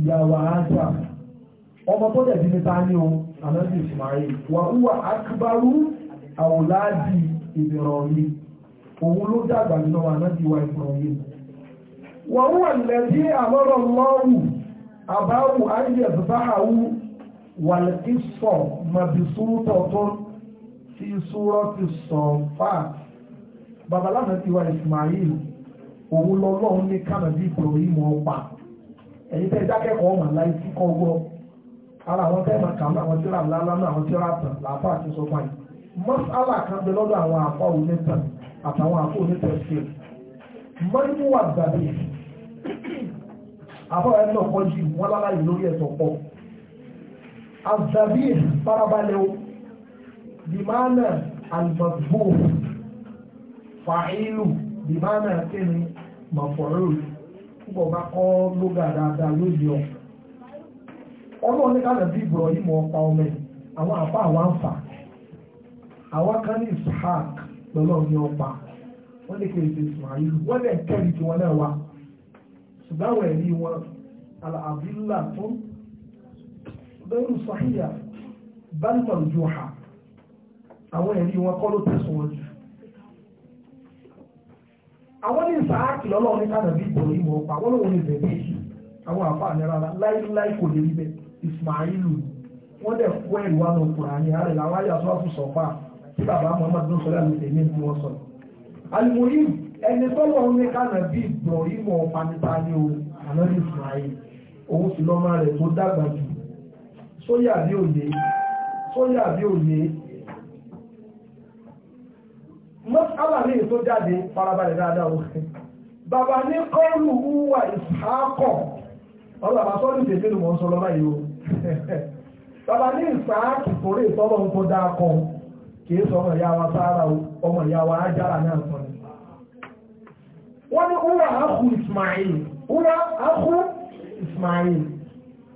ìyàwó àádọ́à ọmọ tó dẹ̀ bí ní ta ní o ànábì ìsmáyé wà wúwà akíbarú àwòláàdì ìbẹ̀rọ̀lì òun ló dàgbà nínú ànábì wa ìbẹ̀rọ̀lì wà wúwà lẹ́bí àmọ́rọ̀ lọ́wù àbáwù ayẹ̀báhàwù wàlẹ́kísọ̀ màbìsúrútọ̀tún ti súrọ́ ti sọ̀fà babaláwo ti wa ìsmáyé òun lọ́lọ́run ní kánàbí ìbẹ̀rọ̀lì mọ́ pa ẹ̀yin tẹ́ dákẹ́kọ̀ọ́ mà láì sí kọ́ gbọ́ ara àwọn tẹ́ máa kàmú àwọn tíra ńláńlá náà àwọn tíra àtàn làáfà àti sọfà yìí mọ́sálà kan bẹ lọ́dọ̀ àwọn àfà onítàn àtàwọn àfà onítàn sí i mọ́nìmú wà gbàgbé àfà ẹni ọ̀pọ̀ jù wọn lára yìí lórí ẹ̀sọ̀ pọ̀ àzàbí farabalẹ̀ o bìmánà àlùmọ̀gbò fàáìlù bìmánà kéwìn mọ̀fọ̀rọ̀lù púpọ̀ bá kọ́ lóga dáadáa lóye ọ ọlọ́run ní kálẹ̀ bí ìbùrọ̀ yìí mọ̀ ọ̀pá ọmọ ẹ̀ àwọn àpá àwọn àǹfà àwọn kan ní ishaq lọ́lọ́ ní ọ̀pá wọ́n lè kéde ismail wọ́n lè kẹ́rì tí wọ́n náà wá ṣùgbọ́n àwọn ẹ̀rí wọn àbílà tó bẹ́rù sàhíyà bálùmọ̀ lójú ọ̀hà àwọn ẹ̀rí wọn kọ́ ló tẹ̀sùn wọn jù àwọn ní ìsáàkì lọ́lọ́run ní kánàbí ìbòrí wọn pa wọ́n lóun ní bẹ̀rẹ̀ èṣù àwọn àfáà ní rárá láíláí kò lè rí bẹ́ẹ̀ Ismailu wọ́n dẹ̀ kó ẹ̀rù wa nù kùrà ní àárẹ̀ làwọn ayé àtúwà fún sọ̀fà tí bàbá Muhammad ló sọ̀rọ̀ àlùfẹ́ ní ìlú wọn sọ̀rọ̀. àlùmọ́yì ẹni tọ́lọ́run ní kánàbí ìbòrí wọn pa o àná ní Ismail òun sì lọ́mọ rẹ̀ tó dàgbà jù mọ́sálà ní èso jáde farabalẹ̀ dáadáa òkè bàbá ní kọ́ọ̀lù wúwà ìsáàkọ̀ ọlọ́bàá sọ́ọ́lù tèmi ni wọ́n sọ yìí o bàbá ní ìsáàkì kòrè ìtọ́lọ́ ń kó kìí sọ ọmọ ìyá wa ọmọ ìyá wa wọ́n ní wúwà áhù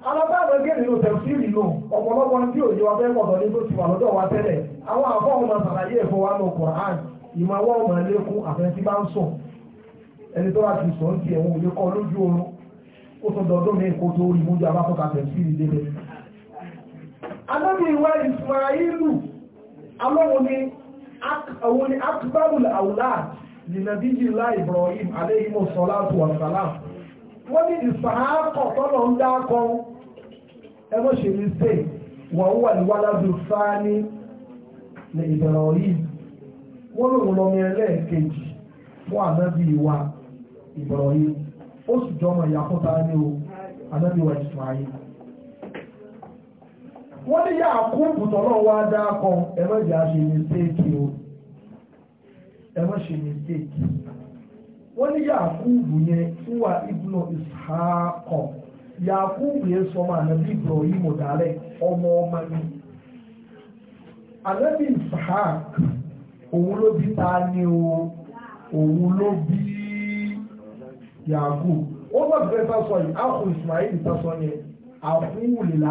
wúwà áhù nínú tẹ̀síìlì náà ọ̀pọ̀lọpọ̀ òye wa fẹ́ ìmọ̀ àwọn ọmọ ẹlẹ́kùn àfẹ́ntí bá ń sùn ẹni tó wà ti sùn ti ẹ̀wọ̀n òye kọ́ lójú oorun ó tún dọdún ní èkó tó rí mújú abáfọ́ka tẹ̀sí ìdílé anábì ìwà ìsmáìlù alọ́wọ́ ni àwọn ni akbarul aulad nìnàbí jìlá Ibrahim aléhìmọ̀ sọ́látù wasalam wọ́n ní ìsàákọ̀ tọ́lọ̀ ń dákọ́ ẹgbẹ́ ṣe ní sè wà ó wà ní wàlá dùn sáà ní Ibrahim wọ́n lòun lọ́mọ ẹlẹ́ẹ̀kejì fún ànábì wa Ibrahim ó sì jọmọ ìyàkúta ní o ànábì wa Ismail wọ́n ní yà kú bùtọ̀lọ́ wa dáa kan ẹ má jẹ́ o ẹ má ṣe mistake wọ́n ní yà kú bù yẹn fún wa yà kú bù yẹn sọmọ ànábì ọmọ ọmọ òun ló bí ta ni o òun ló bí yàgò ó bá bẹ̀rẹ̀ sá sọ yìí áhù Ismail sọ àfúnwùlélà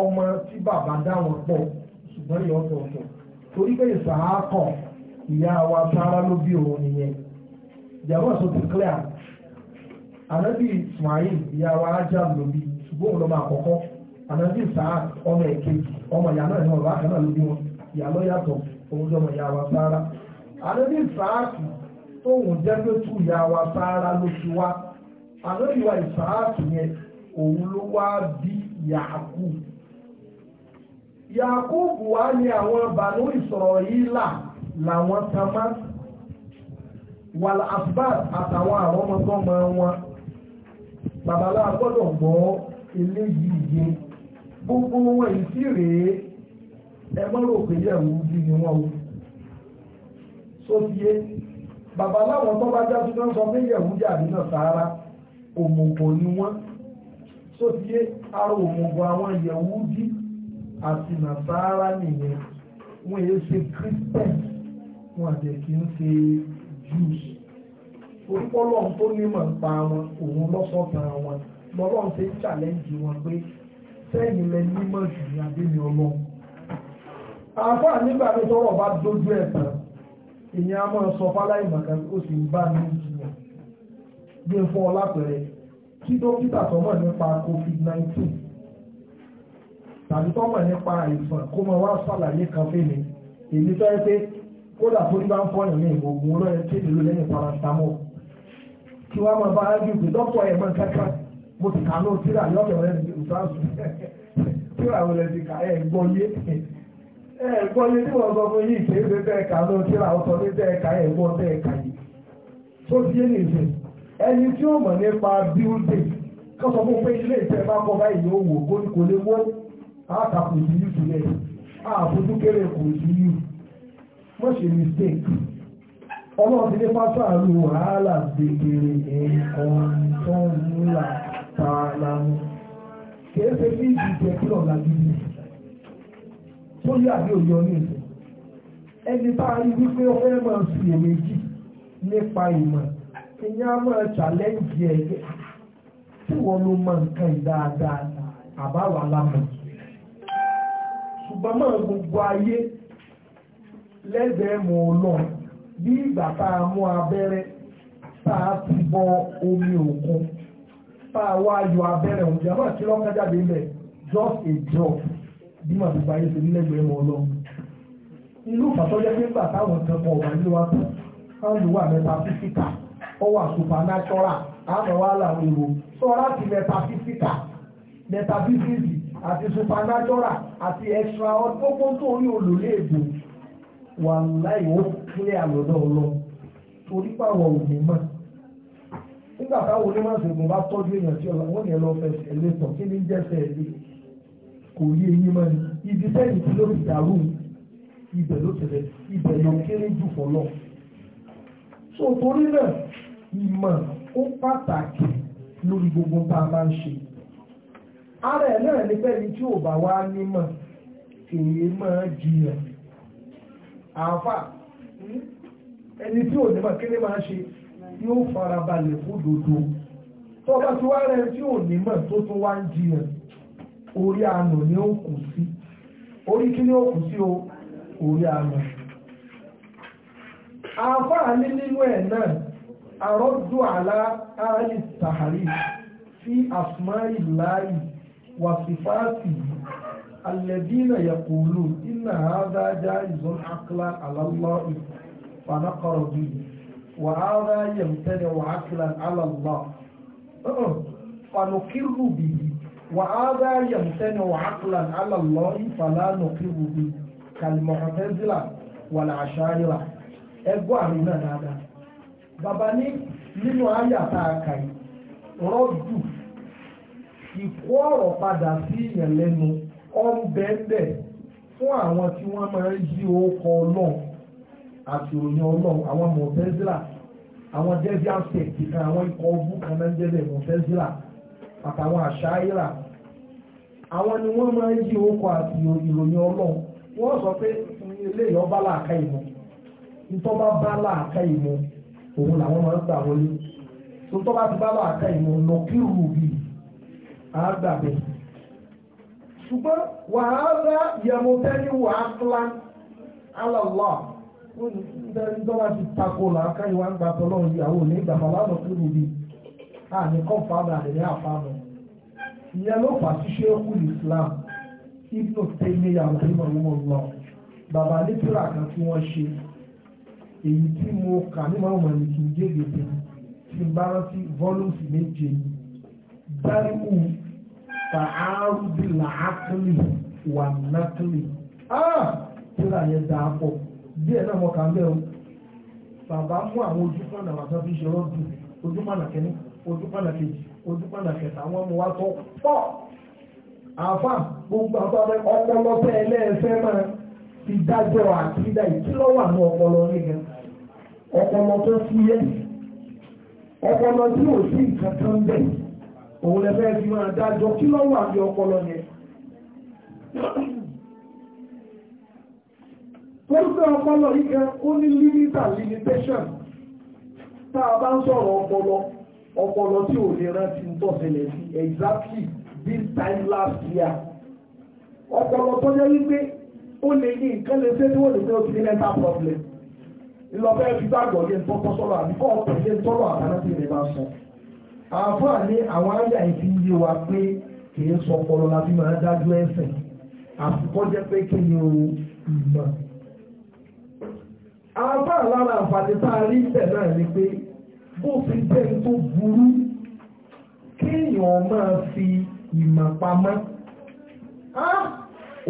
ọmọ tí bàbá dáwọn pọ̀ ṣùgbọ́n yìí ọ̀tọ̀ọ̀tọ̀ torí pé ìsàákọ̀ ìyá wa sára ló bí òun nìyẹn ìyàwó ti clear ànábì Ismail ìyá wa ajá ló bí ṣùgbọ́n òun ọmọ ẹ̀kejì ọmọ ìyá náà ló bí wọn. ìyá ló yàtọ̀ òun jọmọ ìyá wa sára àlébí ìsáàkì tóun jẹ́ pé tú ìyá wa sára ló fi wá àlébí wa ìsáàkì yẹn òun ló wá bí yàákù yàákù wá ní àwọn bànú ìsọ̀rọ̀ yìí là làwọn tamá wàlà asbad àtàwọn àwọn ọmọdọ́mọ wọn babaláwo gbọ́dọ̀ gbọ́ eléyìí yé gbogbo wọn ìsírèé ẹ mọ́ rò pé yẹ̀ wú bí ni wọ́n wú só ti yé bàbá láwọn tó bá jáde náà sọ pé yẹ̀ wú jà nínú sàárà òmùgọ̀ ni wọ́n só ti yé ara òmùgọ̀ àwọn yẹ̀ wú jí àti nàṣàárà nìyẹn wọ́n yẹ ṣe christian wọ́n àjẹ́ kí ń ṣe jews orúkọ́lọ́ tó nímọ̀ pa wọn òun lọ́sọ̀tàn wọn lọ́lọ́run ṣe ń challenge wọn pé sẹ́yìn lẹ nímọ̀ jù ní adé ni ọlọ́run àáfàá nígbà mi tọrọ bá dójú ẹ̀ tán èèyàn a máa sọ fáláì màkà ó sì ń bá mi jiyàn bí n fún ọ lápẹẹrẹ kí dókítà tó mọ̀ nípa covid 19. tàbí tó mọ̀ nípa àìsàn kó máa wá sàlàyé kan fún mi èmi tó yẹ pé kódà tó ní bá ń fọyàn ní ìgbògun olóyè tí èdè ló lẹ́yìn paracetamol kí wọ́n máa bá ájú pé dókítà ẹ̀ máa kankan mo ti kà á lóò tíra yọ̀ọ̀kẹ̀ rẹ̀ ní ìtàsùn tíra ẹ̀gbọ́n yìí tí wọ́n sọ fún yìí kì í ṣe bẹ́ẹ̀ ká ló ṣe àwọn sọ ní bẹ́ẹ̀ ká ẹ̀gbọ́n bẹ́ẹ̀ ká yìí tó ti yé nìyí ẹni tí ó mọ̀ nípa building kó sọ fún pé ilé ìtẹ́ bá kọ́ báyìí yóò wò kó kò lè wó àtàkù ìdílé sílẹ̀ àfojú kéré kò sí yìí ṣe mistake ọlọ́run ti ní wàhálà tó yà bí òye ọ ní ìsìn ẹni bá rí wípé ó fẹ́ máa fi èméjì nípa ìmọ̀ ìyẹn á máa challenge ẹ̀ tí wọ́n ló mọ nǹkan ìdáadáa àbáwá lámọ̀ ṣùgbọ́n máa gbogbo ayé lẹ́gbẹ̀ẹ́ mọ̀ ọlọ́run bí ìgbà tá a mú abẹ́rẹ́ tá a ti bọ omi òkun tá a wá yọ abẹ́rẹ́ òun jẹ́ máa kí lọ́kàn jáde ń just a drop. bí màá fi báyìí nlegbe nílẹ̀gbẹ̀ẹ́ mọ́ inú fàtọ́jẹ́ pé táwọn kan kan wà ní wa tán káwọn wà mẹtafísíkà ọ wà supanátọ́rà àmọ́ wà láwọn èrò mẹtafísíkà àti àti ẹ̀ṣọ́ tó olùléèbò wà láì ó kílẹ̀ ọlọ́ torí pàwọ̀ òní nígbà táwọn onímọ̀ bá tọ́jú èèyàn tí lọ fẹsẹ̀ kí kò rí eyín mọ́ ni ibi sẹ́yìn tí ló ti dàrú ibẹ̀ ló tẹ̀lé ibẹ̀ lọ kéré jù fọlọ́ so torí náà ìmọ̀ ó pàtàkì lórí gbogbo tá a máa ń ṣe ara ẹ̀ náà ní pẹ́ni tí ò bá wá nímọ̀ èyí máa jiyàn àáfà ẹni tí ò nímọ̀ kí ni máa ṣe yóò farabalẹ̀ fún dodo tó bá ti wá rẹ̀ tí ò nímọ̀ tó tún wá ń jiyàn orí àánú ni ó kù sí orí kí ni ó kù sí o orí àánú àfáà ní nínú ẹ̀ náà àrọ́dù àlá ààrẹ sàárì sí àsùmáì láàyè wàsífáàtì alẹ́dínà yàkùlù iná àádájá ìzọ́n àkílá àlálọ́ ìfànàkọ̀rọ̀ bí wà áádá yẹ̀mtẹ́lẹ̀ wà ákílá àlálọ́ fanukirru bìí وهذا يمتنع عقلا على الله فلا نقر به كالمعتزلة والعشائرة ẹgbọ́ àrùn náà dáadáa bàbá ní nínú àyàtà àkàì rọ́dù ìkó ọ̀rọ̀ padà sí ìyẹn lẹ́nu ọ̀nbẹ́ẹ̀bẹ̀ fún àwọn tí wọ́n máa ń yí orúkọ ọlọ́run àti òyìn ọlọ́run àwọn mọ̀tẹ́sílà àwọn jẹ́bíà sẹ̀kì kan àwọn ikọ̀ ọbú kan náà ń jẹ́bẹ̀ mọ̀tẹ́sílà àtàwọn àṣà ìlà àwọn ni wọ́n máa yí orúkọ àti ìròyìn ọlọ́run wọ́n sọ pé eléyìí ọba làákà ìmọ̀ ìtọ́ba bá làákà ìmọ̀ òun làwọn máa ń gbà wọlé ìtọ́ba ti bá làákà ìmọ̀ nọkírù bì á gbàgbé ṣùgbọ́n wàhálà yẹmọtẹ́ni wàhálà alàlá ìtọ́ba ti takò làákà ìwà ń gbà tọ́lọ́run ìyàwó ní ìgbà màlá nọkírù àní kọ́ńfàdà rẹ̀ ní àfàànù ìyẹn ló fà síṣe kú Islam ibnu taymiya rahim allah bàbá nítorá kan tí wọ́n ṣe èyí tí mo kà ní màmú ẹni kì í jégede tí n bá rántí volumes méje dáríwù tààrùbí làákìlì wà nákìlì tíra yẹn dáa pọ̀ díẹ̀ náà mo kà ń bẹ̀rù bàbá mú àwọn ojúkọ̀nà wà tó fi ṣe rọ́ọ̀dù ojúmọ̀nà kẹ́ni ojúpọ̀nà kejì ojúpọ̀nà kẹta wọ́n mú wa tó pọ̀ àfà gbogbo àtọ́rẹ ọpọlọ tẹ ẹlẹ́ẹ̀fẹ́ máa ti dájọ́ àtìdá ìkílọ́wà ní ọpọlọ nìkan ọpọlọ tó fúyẹ́ ọpọlọ tí ò sí nǹkan kan bẹ̀ òun lẹ́fẹ́ fi máa dájọ́ kílọ́wà ní ọpọlọ yẹn Lọ́gbẹ́ ọpọlọ yìí kan ó ní límítà limitation tá a bá ń sọ̀rọ̀ ọpọlọ ọpọlọ tí ò lè rántí ń tọ́sẹ̀lẹ̀ sí exactly this time last year ọpọlọ tó jẹ́ wípé ó lè ní nǹkan lè ṣe tí wọ́n lè pé ó ti ní mental problem ńlọfẹ́ fi gbàgbọ́ yẹn tó tọ́ sọ́rọ̀ àbí kọ́ ọ̀pọ̀ yẹn tọ́rọ̀ àbáná tí ìrẹ̀ bá sọ àáfàá ní àwọn àyà ìfi yé wa pé kì í sọ ọpọlọ la fi máa dájú ẹsẹ̀ àfikọ́ jẹ́ pé kí ni o ìmọ̀ àáfàá lára àǹfààní tá a rí bẹ̀ náà ni pé bó fi jẹ́ tó burú kéèyàn máa fi ìmọ̀ pamọ́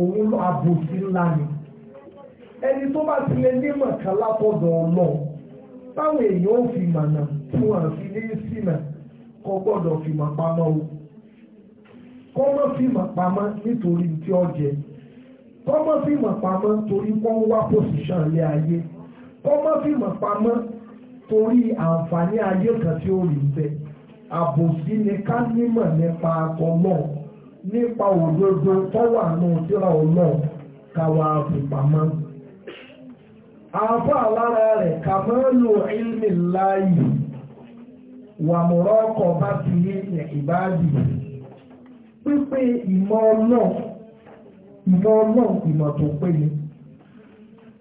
òun lọ àbòsí ńlá ni ẹni tó bá ti lè nímọ̀ kan látọ̀dọ̀ ọlọ́run táwọn èèyàn ò fi mọ̀nà tí wọ́n fi ní sínà kò gbọ́dọ̀ fi mọ̀ pamọ́ o kọ́ mọ́ fi mọ̀ pamọ́ nítorí tí ó jẹ kọ́ mọ́ fi mọ̀ pamọ́ torí kọ́ wá pòsíṣàn ilé ayé kọ́ mọ́ fi mọ̀ pamọ́ torí àǹfààní ayé kan tí ó rí bẹ́ẹ̀ àbòsí ni ká nímọ̀ nípa akọ náà nípa òdodo tó wà nù síra ọlọ́ọ̀ káwa fìpamọ́. àbá lára rẹ̀ kà máa lo ilmi láàyè wà mọ̀rọ́kọ̀ bá ti yé ìbáàdì pípé ìmọ̀ ọlọ́ọ̀ ìmọ̀ ọlọ́ọ̀ ìmọ̀ tó péye.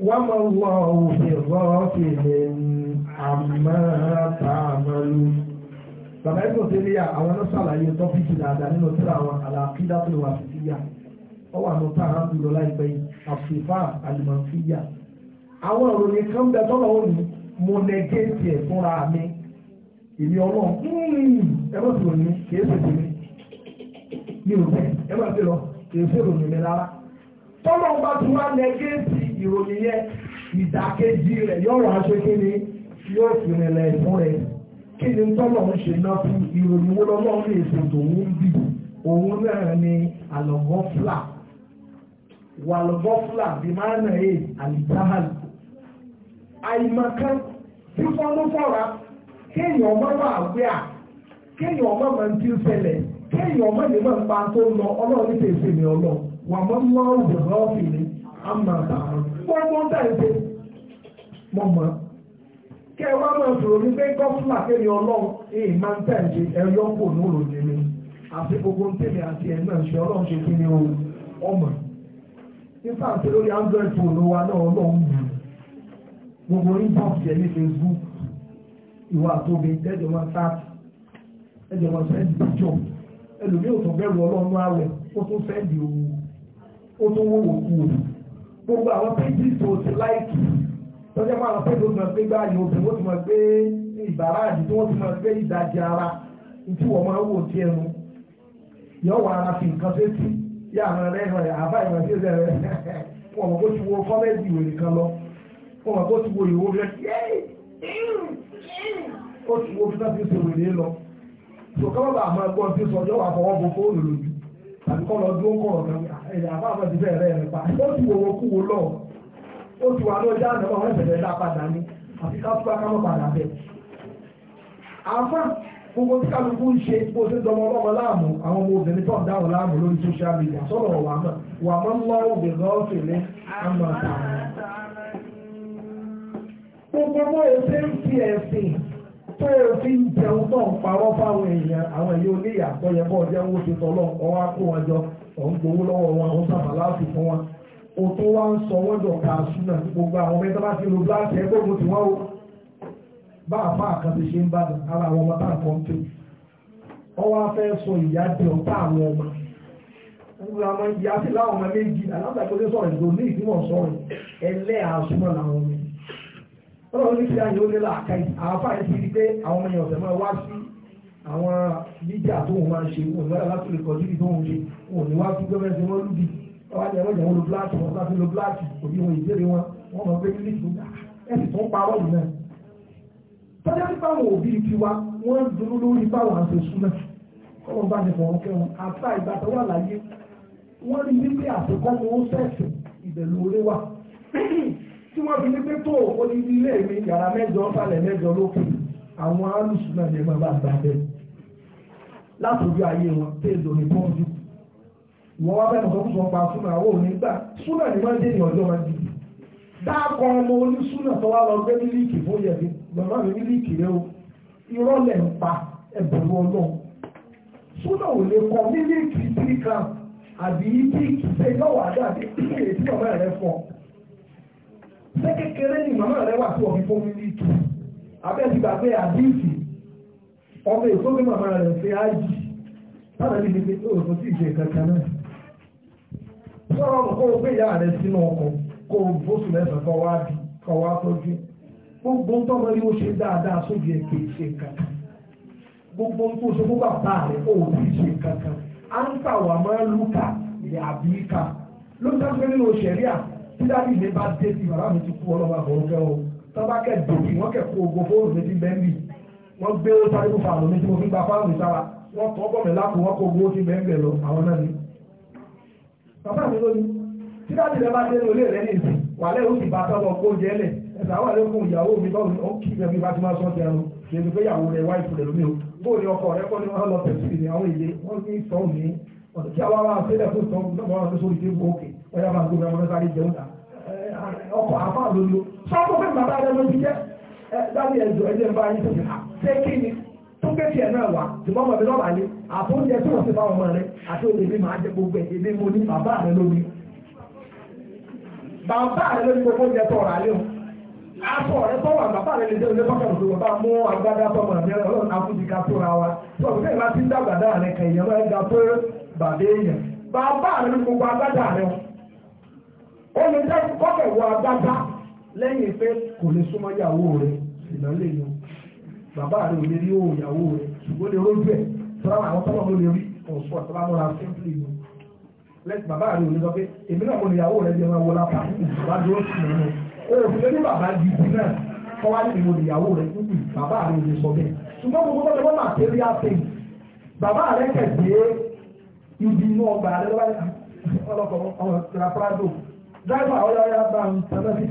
وما الله بغافل عما تعملون bàbá ẹgbẹ́ òṣèré yà àwọn náà ṣàlàyé tọ́pìkì dáadáa nínú tíra àwọn àlàkídá tó wà sí yà ọ wà ní tààrà ń lọ láìpẹ́ yìí àfìfà àlùmọ̀fìyà àwọn ìròyìn kan bẹ tọ́lọ̀ ó mo nẹgẹ́tì ẹ̀ fúnra mi èmi ọlọ́run hmm, ẹ bá ti kì í ṣe tèmi mi ò bẹ́ẹ̀ ẹ bá ti kì í ṣe mi rárá tọ́lọ̀ bá ti wá nẹgẹ́ẹ̀tì ìròyìn yẹn ìdàkejì rẹ̀ yọ̀rọ̀ aṣojú ni yóò fi rìnlẹ̀ fún rẹ̀ kí ni tọ́lọ̀ ń ṣe náà fún ìròyìn wo lọ́wọ́ ní tòun ń bì òun náà ni àlọ́gọ́fúlà wàlọ́gọ́fúlà bí máa àìmọ̀kan fọ́ra kéèyàn ọmọ wà à wà mọ́ ní wọ́n rògbò lọ́wọ́ fi ní àmà àtàwọn wọ́n mọ́ dáìdé mọ́ mọ́ kẹ́ ẹ wá máa sọ̀rọ̀ ní pé gọ́fúlà kéde ọlọ́run èyí máa ń tẹ̀lé ẹ̀yọ́ kò ní òròjì mi àti gbogbo ń tẹ̀lé àti ẹ̀ náà ṣe ọlọ́run ṣe kí ni ọmọ nípa àti lórí android phone wa náà ọlọ́run wù gbogbo inbox yẹn ní facebook ìwà àtòbí ẹjọ máa táàpù ẹjọ máa sẹ́ndì píjọ ẹlòmíì ò tó bẹ̀rù ọlọ́run àwẹ̀ ó tún sẹ́ndì òwò olówó òkú gbogbo àwọn péjì tó ti láìkì lọ́jọ́ máa lọ péjì ó ti máa gbé gbáàyè obìnrin ó ti máa gbé ìbára àdì tí wọ́n ti máa gbé ìdajì ara tí wọ́n máa wò tí ẹnu yọ wà ara fi nǹkan sétí yà àwọn ẹ̀rẹ́ ìrìn àbá ìrìn àti ìrìn rẹ̀ wọ́n mọ̀ kó ti wo kọ́mẹ́dì ìwé nìkan lọ wọ́n mọ̀ kó ti wo ìwó rẹ̀ ó ti wo bí sáfì ṣe wèrè lọ tó kọ́ bàbá àmọ́ ẹgbọ́n tí sọ yọ wà fọwọ́ bo fóònù lójú ẹ̀yà àbáfẹ́ ti bẹ̀rẹ̀ rẹ̀ nípa ó ti wo kú wo lọ ó ti wà lọ́jà àná wọn ṣẹ̀ṣẹ̀ dá padà ní àfi ká fún akámọ́ padà bẹ̀. àfa gbogbo tí kálukú ń ṣe bó ṣe dọmọ ọlọ́mọ láàmú àwọn ọmọ obìnrin tó ń dáhùn láàmú lórí social media sọ̀rọ̀ wà mọ̀ wà mọ́ ń lọ òbí ní àmọ́ tààrà. gbogbo mọ́ èsè ń fi ẹ̀sìn tó o fi ń jẹun náà parọ́ fáwọn èèyàn àwọn èèyàn oníyàtọ̀ yẹn bọ́ọ̀ jẹun ó ti sọ lọ́nkọ́ kó wọn jọ òun gbowó lọ́wọ́ wọn òun sábà láàfù fún wọn o tó wá ń sọ wọ́n dọ̀ka súnà tí gbogbo àwọn mẹ́ta bá ti lo gíláàsì ẹgbẹ́ òun ti wọ́n o bá àfa àkàtì ṣe ń bàdàn ara àwọn ọmọ tá à ń kọ́ ń tó ọwọ́ afẹ́ sọ ìyá di ọ̀tá àwọn ọmọ ọmọ ìyá sí láwọn ọmọ méjì alábàgbọ́dé sọ̀rọ̀ ìgbò ní ìdíwọ̀n sọ̀rọ̀ ẹlẹ́ àṣùmọ̀ làwọn ọmọ ọlọ́run ní kí ayé ó lé làákàyè àáfàá ẹ̀ ti di pé àwọn ọmọ yẹn ọ̀sẹ̀ mọ́ wá sí àwọn bíjà tó wọn máa ń ṣe wọn ìwádà láti lè kọjú ìdó wọn ṣe wọn ò ní wá fún gọ́ọ̀mẹ̀ntì wọn lùdì ọwọ́ jẹ́ ọjà wọn lo bíláàtì wọn láti lo bíláàtì òbí wọn ìbéèrè wọn wọn mọ̀ pé nílì tó ẹ sì tún pa ọ̀dùn náà. tọ́jà nípa àwọn òbí tiwa wọ́n ń dúró lórí báwọn àti oṣù náà kọ́lọ́n bá ní fọ̀ wọn kẹ́wọn àtà ìgbà tó wà láyé wọ́n ní wípé àtẹ̀kọ́ ni ó sẹ̀sì ìbẹ̀lú orí wà tí wọ́n fi ní pé tó òkú ní ilé mi yàrá mẹ́jọ sálẹ̀ mẹ́jọ lókè àwọn alùsùn náà ní ẹ máa bá gbà bẹ́ẹ̀ láti orí ayé wọn tí èlò ní pọ́ńdù ìwọ́n wá bẹ́ẹ̀ mọ̀tọ́ kúsọ̀ pa súnà àwọn òní gbà súnà ní máa ń dé ní ọjọ́ máa ń di dáàkọ ọmọ onísúnà tó wá lọ gbé mílíìkì fún yẹ̀dí bàbá mi mílíìkì rẹ o irọ́ lẹ̀ ń pa ẹ̀bùrú ọlọ́run súnà ò lè kọ mílíìkì three gram àbí mílíìkì ṣe lọ́wọ́ àdáàbí èyí tí ọmọ rẹ fọ ṣé kékeré ni màmá rẹ wà tí ọ̀fi fún mílíìkì abẹ́ẹ̀dìgbàgbé àdíìsì ọmọ èso bí màmá rẹ̀ ṣe ájì sára ní ibi tó òṣò sí ìṣe kankan náà sọ̀rọ̀ kó o gbé ìyá rẹ̀ sínú ọkọ̀ kó o bóṣù mẹ́sàn-án kọ́ wá bí kọ́ wá tọ́jú gbogbo tọ́mọ ni ó ṣe dáadáa sóbi ẹ̀ kì í ṣe kankan gbogbo tó ṣe gbogbo àbá rẹ̀ ó kì í ṣe kankan à ń tà wà máa ń lùkà ní àbíkà ló ń sáfẹ́ nínú ṣẹ̀ríà tí dábì mi bá dé ti bàbá mi ti kú ọlọ́mọ àbọ̀ o tọ́ bá kẹ́ wọ́n gbé sáréwò fàánù mi tí mo fi gba fáànù ìsára wọ́n tọ́ bọ̀ mí lápò wọ́n kó owó tí bẹ́ẹ̀ lọ àwọn náà ni. bàbá mi ló ní tí dájú rẹ bá dé ní olé rẹ ní ìsìn wàhálà ó sì bá sọ́dọ̀ kó jẹ́ lẹ̀ ẹ̀sà wà lókun ìyàwó mi báwo ni ó kí ìfẹ́ mi bá ti máa sọ́ ti àrùn kì í ṣe pé ìyàwó rẹ̀ wá ìfúnlẹ̀ lómi o bóò ni ọkọ rẹ kọ́ ni wọ́n lọ pẹ̀sì ní àwọn èdè wọ́n ní sọ òní ọ̀dọ̀ tí àwa máa sílẹ̀ fún sọ náà wọ́n lọ sórí tébù òkè wọ́n yá máa gbé ọmọ náà sáré jẹun ọkọ̀ àfáà lólo sọ́kọ́ bàbá rẹ ló ti jẹ́ dábì ẹ̀jọ̀ ẹ̀jẹ̀ bá yín sọ̀rọ̀ ṣé kí ni tó gbé tiẹ̀ náà ọmọ tó ọmọ rẹ àti òde mi máa jẹ gbogbo ẹ̀ èmi mo ní bàbá rẹ lómi bàbá rẹ lómi gbogbo oúnjẹ tó rà o aṣọ rẹ rẹ lè ilé bá mú agbádá ọlọ́run tó ra wa tó ọ̀gbìn ti ń rẹ kẹ̀yìn tó bàbá èèyàn bàbá rẹ gbogbo agbádá rẹ o lè jẹ́ wọ agbádá lẹ́yìn pé kò lè súnmọ́ rẹ ìnáwó lè bàbá rẹ̀ ò lè rí òun ìyàwó rẹ̀ ṣùgbọ́n lè rójú ẹ̀ tọ́lá àwọn tọ́lá ló lè rí ọ̀ṣọ́ tọ́lá ló ra símpìlì nù lẹ́sìn bàbá rẹ̀ ò lè sọ pé èmi náà mo níyàwó rẹ̀ jẹun wọlá pa ìwádìí ó sì nínú òfin lé ní bàbá gidi náà kọ́wá ní ìwọ níyàwó rẹ̀ kúkú bàbá rẹ̀ ò lè sọ bẹ́ẹ̀ ṣùgbọ́n gbogbo tó wọ́n máa tẹ́lẹ̀ àtẹ bàbá rẹ̀ kẹ̀dé ibi inú ọgbà rẹ̀ lọ́wọ́ bàbá rẹ̀ ní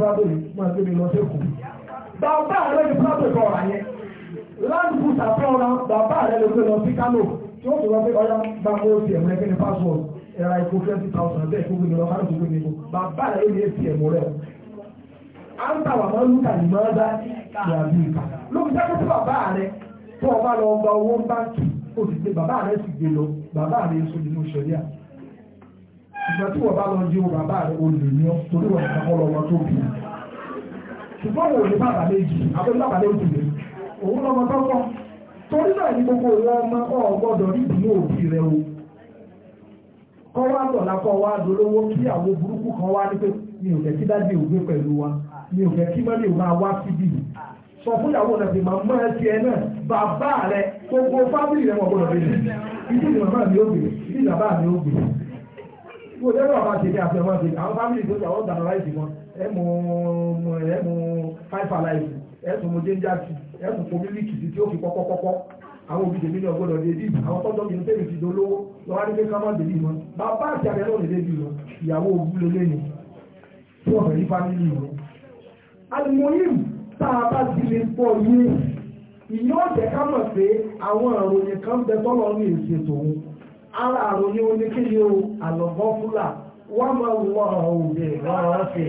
fábọ̀ kọ̀ ọ̀rà yẹn láti fún ìtàfẹ́ ọ̀rọ̀ bàbá rẹ̀ lè gbé lọ sí Kánò tí ó tọ́lọ́ pé ọya bá kó o ti ẹ̀mọ́ ẹgbẹ́ ní password ẹ̀ra ìkó twenty thousand ẹ̀dẹ́ ìkó gbé lọ Kánò tó gbé níbo bàbá rẹ̀ lè ti ẹ̀mọ́ rẹ̀ à ń tàwà máa ń lùkà ní máa dá ìyàbí ìkà lóbi jẹ́ pé bàbá rẹ̀ tó ọba lọ gba owó ń báńkì ó ti gbé bàbá rẹ̀ sì gbé lọ bàbá rẹ̀ èso nínú ìṣẹ̀lẹ̀ à ìgbà tí wọ́n bá lọ jí o bàbá rẹ̀ o lè ní ọ torí wọ́n tó bì í ṣùgbọ́n wò ní bàbá méjì àbẹ́ bàbá méjì lè òun lọ́mọ tó pọ̀ torí náà ní gbogbo wọn ọmọ ọ gbọ́dọ̀ nídìí òbí rẹ o kọ́ wá dọ̀la kọ́ wá dolówó kí àwọn burúkú kan wá ní pé mi ò fẹ́ kí dájú ògbé pẹ̀lú wa mi ò fẹ́ kí mọ́lẹ̀ máa wá síbí sọ fún ìyàwó rẹ̀ pé màmá ẹ tiẹ̀ náà bàbá rẹ gbogbo fábìlì rẹ wọn gbọ́dọ̀ bẹ̀rẹ̀ ìdí ni màmá mi ò bèrè ìdí ni bàbá mi ò bèrè wo lẹ́nu àwọn àtẹ̀lé àti àwọn àtẹ̀lé àwọn fámìlì tó ṣe àwọn ọ̀dà náírà ìdìbọn ẹ mú ẹ mú five alive ẹ tún mú ginger tea ẹ̀kùn fún mílíkì sí tí ó fi pọ́pọ́pọ́pọ́ àwọn òbí tèmi ní ọgbọ́dọ̀ dédì àwọn tọ́jọ́ mi tèmi ti dolówó lọ́wọ́ ní pé ká má dédì mọ́ bàbá àti àbẹ̀ náà lè dédì mọ́ ìyàwó òbí lélẹ́ ni tí wọ́n fẹ̀rí fámìlì wọn. alimoyim tá a bá ti lè pọ̀ yé ìyá ọ̀jẹ̀ ká mọ̀ pé àwọn àròyìn kan bẹ tọ́lọ́ ní èsì tòun ara àròyìn oníkéye o àlọ́gbọ́n fúlà wọ́n máa wọ àwọn òbí rọ́ọ̀fì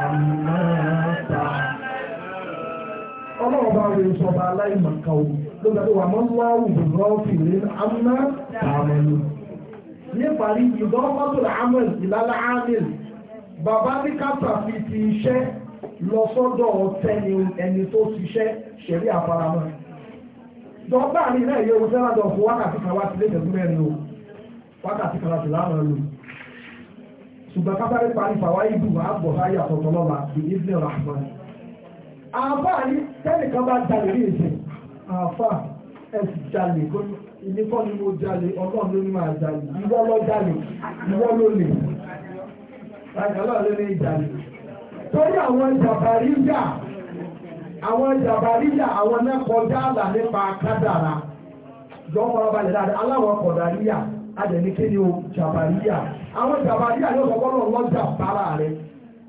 àmọ́ ọlọ́run bá rẹ̀ sọ̀bà aláìmọ̀ká o ló gbàgbé wà mọ́ wá òwò rọ́ọ̀fì ní amúná àmọ́lù. níparí ìdánwọ́tò amúl ìlàlá amíl bàbá ní kápá fi ti iṣẹ́ lọ sọ́dọ̀ tẹni ẹni tó ṣiṣẹ́ ṣẹ̀rí àfaramọ́. dọ́gbà ní ilé ìyẹ́wò sẹ́ládọ̀ fún wákàtí kan wá sílé ìdẹ̀kú mẹ́rin o wákàtí kan láti láàrín lò. ṣùgbọ́n kápá àáfàá ní tẹ́nìkan bá jalè ní ìsìn jalè mo jalè ló ní máa jalè ìwọ lọ jalè ìwọ ló lè ṣàkàlọ́ ló ní jalè torí àwọn àwọn àwọn náà kọjá àlà nípa kádàrà dáadáa aláwọ̀ o àwọn yóò sọ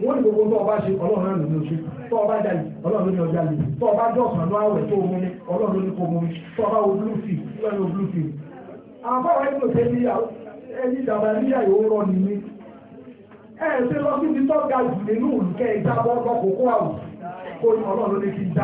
wọ́n ní gbogbo tó ọba ṣe ọlọ́run náà ọba ọlọ́run ọba àwẹ̀ tó omi ọlọ́run omi ọba wo blue film lọ́ọ̀ àbáwá yìí ló ṣe ẹni níyà yóò rọ nìyí. ẹ ẹ ṣe lọ síbi tó ga jù nínú olùkẹ́ àwọ̀ kó ọlọ́run lẹ́yìn tó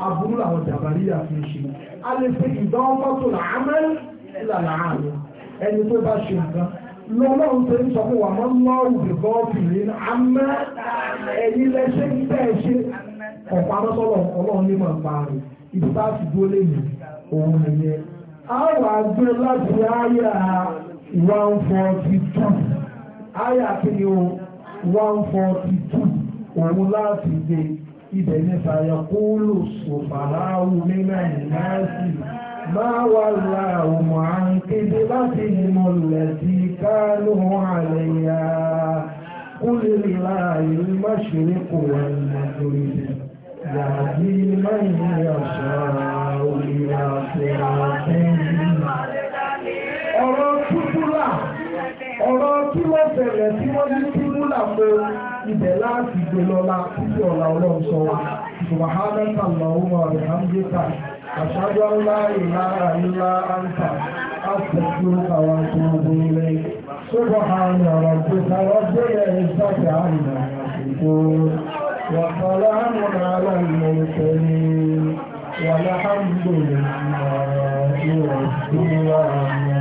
aburú làwọn jàbáríyà fi ṣe a lè fi ìdánwò mọ́tò làámẹ́ ìlànà àárọ̀ ẹni tó bá wa mọ́ lọ́rùn bìbọ́ bìrì àmẹ́ ẹ̀yìn lẹ́ṣẹ́ ń bẹ́ẹ̀ ṣe ọ̀pá mọ́sọ́lọ̀ ọlọ́run ní màá pa rẹ̀ ìdíbà ti dúró lẹ́yìn òun nìyẹn. a ibẹ̀ ní fàyàkúlù sùfàláwù nínà ìnáàsì máa wà láàrùn àǹkéde láti ìmọ̀lẹ̀ tí kánú àlẹ́yà kúlè láàyè máṣeré kò wà nítorí yàtí lẹ́yìn ọ̀ṣà òyìnbó àti àtẹ́yìn. ọ̀rọ̀ túbúlà ọ̀rọ̀ kí wọ́n bẹ̀rẹ̀ tí wọ́n ní túbúlà mọ́ ibẹ̀ láti gbé lọ́la títí ọ̀la ọlọ́run sọ wa subhanaka allahumma wa bihamdika ashhadu an la ilaha illa anta astaghfiruka wa atubu ilayk subhana rabbika rabbil izzati amma yasifun wa salamun ala al-mursalin والحمد لله رب العالمين